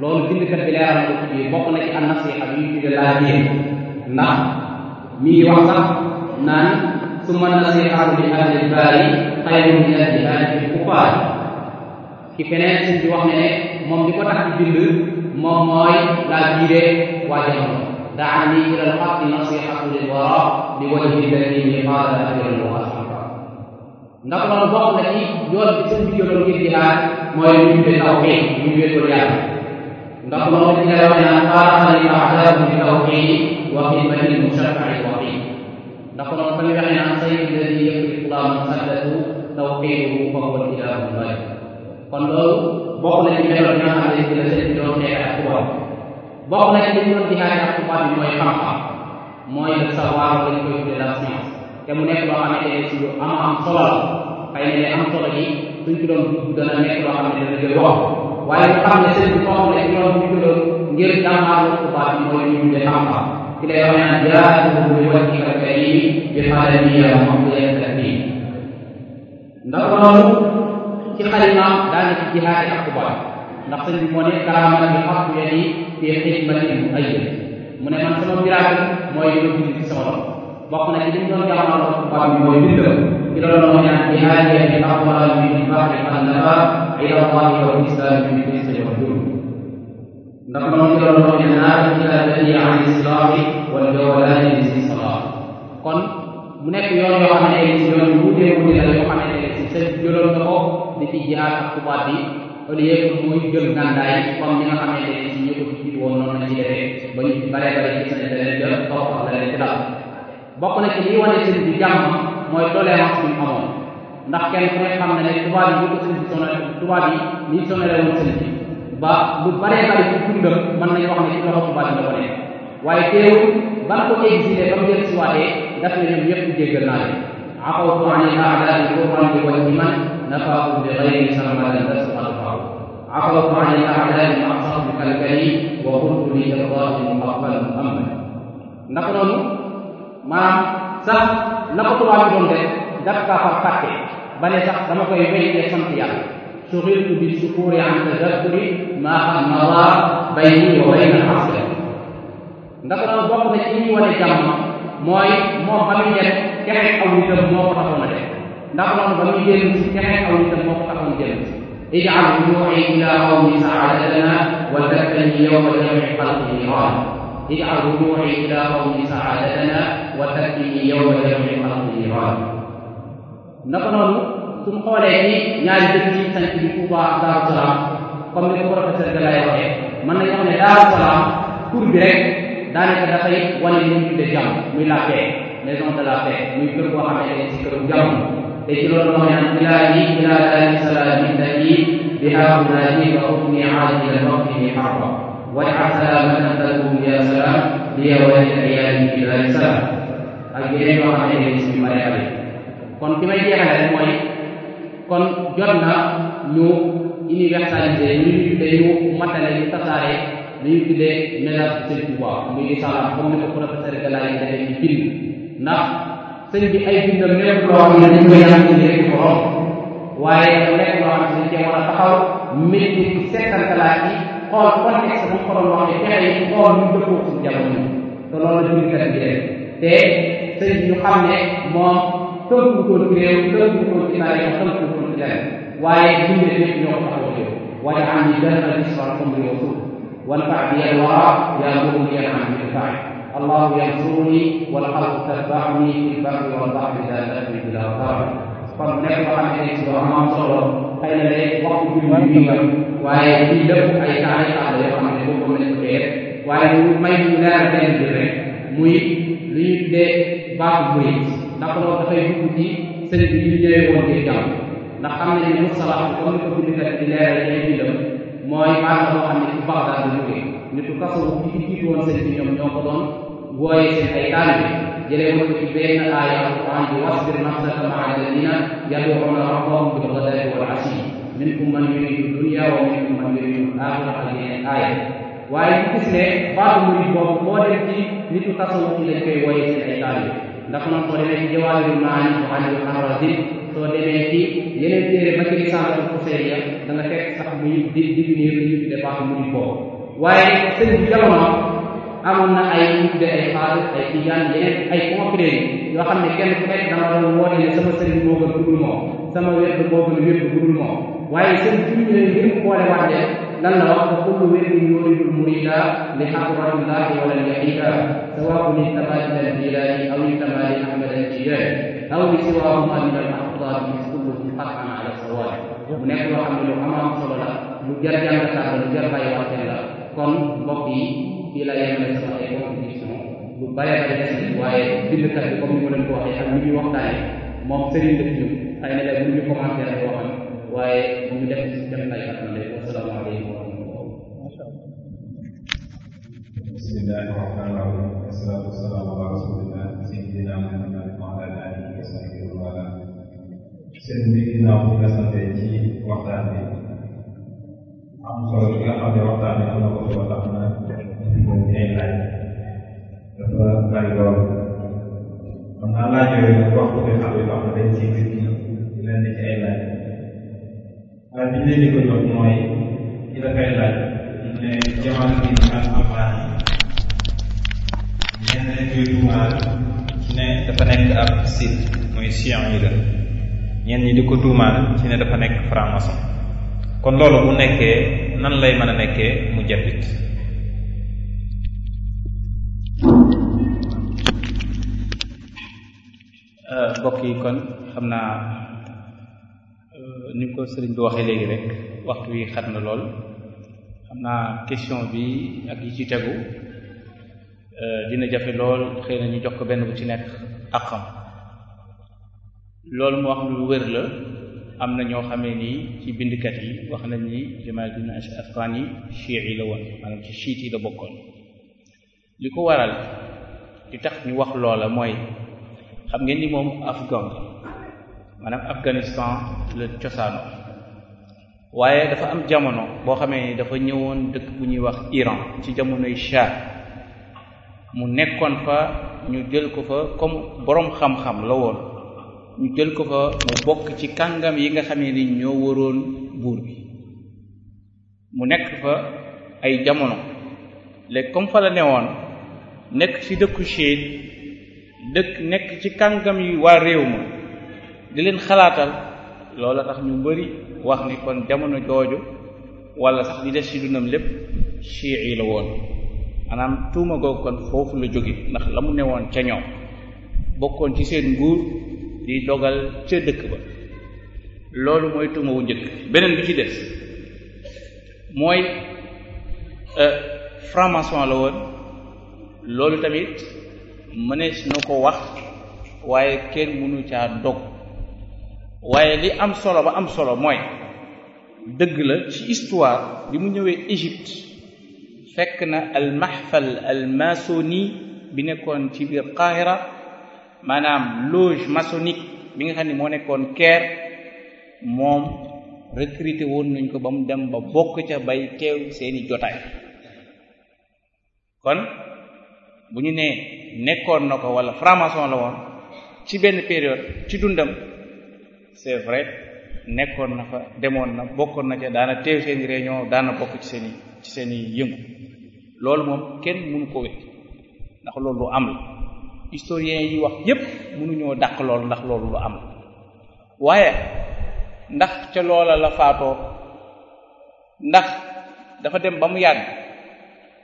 loolu bindkat bi leeral ko ci biir bokk na ci annasiha bi ñu tuddee laa jéem ndax mi ngi wax sax naan su ma nasihaaru bi ahlil baari xayrun min al jihaadi bi kufaar ci feneen suñ bi wax ne ne moom li ko tax di bind moom mooy laa jiidee waa jamono daani ila alxaqi nasihatu lil wara li wajhi alladi qaala ajran wa asra ndax loolu bokk na ci yoon bi suñ bi jëloon ngir jihaad mooy lu ñu tuddee tawxiid lu ñu wéetoo yàlla ndax loolu ci lay wax naan xaaral yi ahdabu bi tawxiid wa xidmatil mushaffa'i tawxiid ndax loolu fa ñu waxee naan sayid alladi yakfi fulaaman saddatu tawxiiduhu fa huwa ilahu kon loolu bokk na ci meloon ñoo xam ne la seen doon xeex ak tubaab bokk na ci li ñu doon jihaad ak mooy xam-xam mooy le savoir dañ koy tuddee la science mu nekk loo xamante ne si lu am am solo la xëy na am solo yi suñ ci doon dugg dana nekk loo xam ne dana koy wax waaye ñu xam ne seen bi foofu nekk loolu ñu ko doon ngir jàmmaarlu tubaab bi mooy ñu tuddee xam ki lay wax naan jaaratuhu bi wajhika al-karim bi ci xalimaam daa ne ci jihaadi ak ndax sëñ bi moo ne karaamat bi xaq yadi fi xidmati mu ayib mu ne man sama miracle mooy li ma bind ci sama loxo bokk na ci li ñu doon jaamoon loxo tubaab bi mooy bindam ci loolu noonu ñaan jihaadi yadi aqwaal bi bi baaxi xalnaha ila allahi wa islam bi bi sa yahdur ndax moom ci loolu noonu ñaan naa ila alladi an islaahi wal jawalaani bi si kon mu nekk yoon yoo xam ne yoon yu wuutee wuutee la yoo xam ne sëñ jëloon na ko di ci jaar ak tubaab bi au lieu na muy jël ngàndaay ni nga xamante ne si ñëpp ci jiit woon noonu la ñuy defee ba ñu bare bare gis nañ leen na ci liy mooy tolérance bi mu ndax kenn ku ne xam na ne tubaab yi ñu ko sëñ bi sonal tubaab ba lu baree bari ci dundam mën ne ci loxo tubaab yi la ko nekk ban ko exilé ba mu jël si waatee daf ne ñoom ñëpp jéggal naa leen عفوت عن الاعداء كفرا بوجه نفعوا بغير سرمدا تسقط عفوت عن الاعداء مع صبرك الكريم وقلت لله مقبلا امنا naka noonu maanaam sax na ko tubaab bi doon def daf kaa far fàtte ba ne sax dama koy wéy te sant yàlla suxiltu bi sukuuri an tadakkuri maa xam mawaa bayni wa bayna asra naka noonu bokk na ci ñuy wane jàmm mooy moom ba muy def texeeg aw nitam moo ko taxoon a def ndax moom ba muy génn si texeeg aw nitam moo ko taxoon génn si ijaal rujuuci ila qawmi saadatana wa dakkani yowma jamci xalqi niran ijaal rujuuci ila qawmi saadatana wa dakkani yowma jamci xalqi niran naka noonu suñ xoolee ci ñaari dëkk yi sant bi Tuubaa Daaru Salaam comme ni ko professeur Galaye waxee mën nañu xam ne Daaru Salaam tur bi rek daanaka dafay wane li ñu tuddee jàmm muy la paix maison de la paix muy kër boo xamante ne si këru jàmm te ci loolu moo naan bilaayi ila daari salaami ndaki bi aawnaati wa xukmi aajila waqtini xarfa wajal salaamata talbum ya salaam li yawali ayaani bi daari salaam ak yeneen yoo xamante ne si bi mare kon ki may jeexale rek mooy kon jot na ñu universaliser ñu ñu te ñu matale ñu tasaare li ñu tuddee message bi sëñ Tuubaa muy isaalaam comme ni ko professeur Galaye yi defee ci bind ndax sëñ bi ay bindam lépp loo xam ne dañ koy yàq ci rek borom waaye nekk loo xam ne dañ cee war a taxaw métti ci seetantalaat yi xool contexte bu ko doon waxee pexe yi xool ñu dëppoo ci jamono te loolu la bindkat bi def te sëñ bi ñu xam ne moom tënku ko ci réew tënku ko ci tariixa tënku ko ci leneen waaye bind lépp ñoo ko taxaw waaye am ni benn gis war comme yow وانفع بي الوراء يامرني عن الفعل الله ينصرني والخلق تتبعني في البر والبحر لا تدري بلا ضرر kon nekk ba xam ne si am am solo xëy na day waxtu bi ñu ngi waaye lii lépp ay taxaw taxaw yoo xam ne boobu moom lañ koy def waaye ñu may ñu leer benn bi rek muy lu ñu tuddee baaxu buy ndax loolu dafay dugg ci sëriñ bi ñu jëlee woon ci jàmm ndax xam ne ni mu salaam comme ni ko bindkat di leeral ay bindam mooy maanaam loo xam ne ci Bagdad la jógee nitu kaso bi ci jiitu woon sëñ bi ñoom ñoo ko doon wooye seen ay taalibe jëlee woon ko ci benn aaya alquran bi wasbir nafsaka maa alladina yaduuna rabbahum bil ghadaati wal ashi minkum man yuridu dunya wa minkum man yuridu al-aaxira ak yeneen aaya waaye bu gis ne baatu murid boobu moo dem ci nitu kaso bi lañ koy wooye seen ay taalibe ndax man soo demee ci jawaahirul maani bu xamil xamrasin soo demee ci yeneen téere ba ci risaalatul Xuseyriya da nga fekk sax muy di di di ñu tudde baax mu di boobu waaye sëñ bi jamono amoon na ay de tudde ay xaalis ay tijaan yeneen ay confrérie yoo xam ne kenn ku nekk da nga doon woote ne sama sëriñ moo gën budul moom sama wér boo gën wér waaye sëñ bi ñu leen ngir boole wàtte lan la wax ko kullu wérdin yuridul murida li xadratillahi wala liyahida sawaun itamaa ila al jilaani aw itamaa li ahmad al jilaani aw li siwaahuma min al aqdaa bihi kulluhu qat'an ala sawaab mu nekk loo xam ne lu amaam solo la lu jar jàngataat la lu jar bàyyi waxtaan la kon mbokk yi fii la yemale sama ay contribution lu bëree bëri si waaye bindkat bi comme ni ma leen ko waxee ak ni ñuy waxtaane moom sëriñ la ci ñun xëy na léegi ñu commencé rek wax waaye ñu def si dem lay wax ne wasalaamaaleykum wa rahmatulah. bismillahi rahmaani rahim sëñ bi ginnaaw bi nga sante ci waxtaan bi am solo bi nga xam ne waxtaan bi am na ko solo tax na moom ay laaj dafa bari lool xam naa laaj yooyu nag waxtu bi xam ne wax na dañ ciy gis leen di ci ay laaj waaye bi leen di ko jox mooy ki dafay laaj ne jamono bi nga am laaj ñenn dañ koy dumaal ne dafa nekk ab site muy sien yi la ñenn ñi di ko tuumaal ci ne dafa nekk franc-maçon kon loolu bu nekkee nan lay mën a nekkee mu jaddit euh, mbokk kon xam naa euh, ni ko sëriñ bi waxee léegi rek waxtu wi xat na lool xam naa question bi ak yi ci tegu euh, dina jafe lool xëy na jox ko benn bu ci nekk ak xam loolu mu wax lu wér la am na ñoo xamee ni ci bindkat yi wax nañ ni Jamal ibn Afghani chiite yi la woon maanaam ci chiite yi la bokkoon li ko waral li tax ñu wax loola mooy xam ngeen ni moom afghan maanaam Afghanistan la cosaano waaye dafa am jamono boo xamee ni dafa ñëwoon dëkk bu ñuy wax Iran ci jamonoy Shah mu nekkoon fa ñu jël ko fa comme boroom xam-xam la woon ñu jël ko fa mu bokk ci kàngam yi nga xam ne ni ñoo waroon buur bi mu nekk fa ay jamono léegi comme fa la newoon nekk ci dëkku Chine dëkk nekk ci kàngam yi waa réew ma di leen xalaatal loola tax ñu bari wax ni kon jamono jooju wala sax li des ci dundam lépp Chine yi la woon maanaam tuuma googu kon foofu la jóge ndax la mu ne woon ca ñoom bokkoon ci seen nguur di dogal ca dëkk ba loolu mooy tuuma wu beneen bi ci des mooy euh, franc-maçon la woon loolu tamit mënees na ko wax waaye kenn mënu caa dog waaye li am solo ba am solo mooy dëgg la ci histoire bi mu ñëwee Égypte fekk na al mahfal al masoni bi nekkoon ci biir Qahira maanaam loge maçonnique bi nga xam ne moo nekkoon Caire moom recruté woon nañ ko ba mu dem ba bokk ca bay teew seeni jotaay kon bu ñu nee nekkoon na ko wala franc la woon ci benn période ci dundam c'est vrai nekkoon na fa demoon na bokkoon na ca daana teew seeni réunion daana bokk ci seeni ci seeni yëngu loolu moom kenn mënu ko wét ndax loolu am la historien yi wax yépp mënuñoo dàq lool ndax loolu lu am waaye ndax ca loola la faatoo ndax dafa dem ba mu yàgg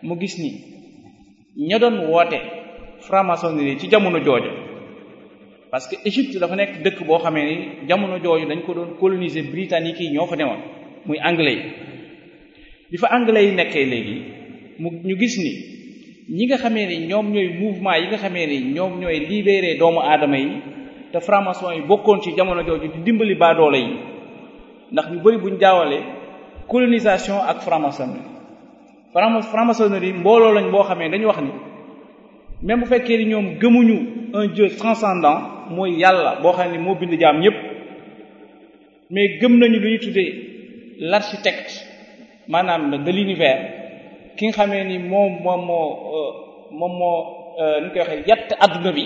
mu gis ni ña doon woote franc-maçonnerie ci jamono jooju parce que Égypte dafa nekk dëkk boo xamee ni jamono jooju dañ ko doon coloniser britannique yi ñoo fa newoon muy anglais bi fa anglais yi nekkee léegi mu ñu gis ni ñi nga xamee ni ñoom ñooy mouvement yi nga xamee ni ñoom ñooy libéré doomu aadama yi te franc-maçon yi bokkoon ci jamono jooju di dimbali baadoole yi ndax ñu bëri buñ jaawale colonisation ak franc-maçonnerie franc-maçonnerie mbooloo lañ boo xamee dañu wax ni même bu fekkee ni ñoom gëmuñu un dieu transcendant mooy yàlla boo xam ne moo bind jaam ñépp mais gëm nañu lu ñu tuddee l'architecte maanaam de l'univers ki nga xamee ni moom moom moo euh, moom moo euh, nu koy waxee yatt adduna bi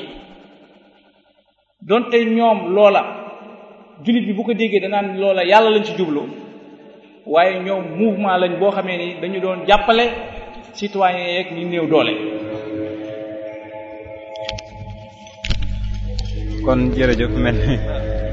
donte ñoom loola jullit bi bu ko déggee danaan loola yàlla lañ ci jublu waaye ñoom mouvement lañ boo xamee ni dañu doon jàppale citoyens yeeg ñi néew doole. kon jërëjëf mel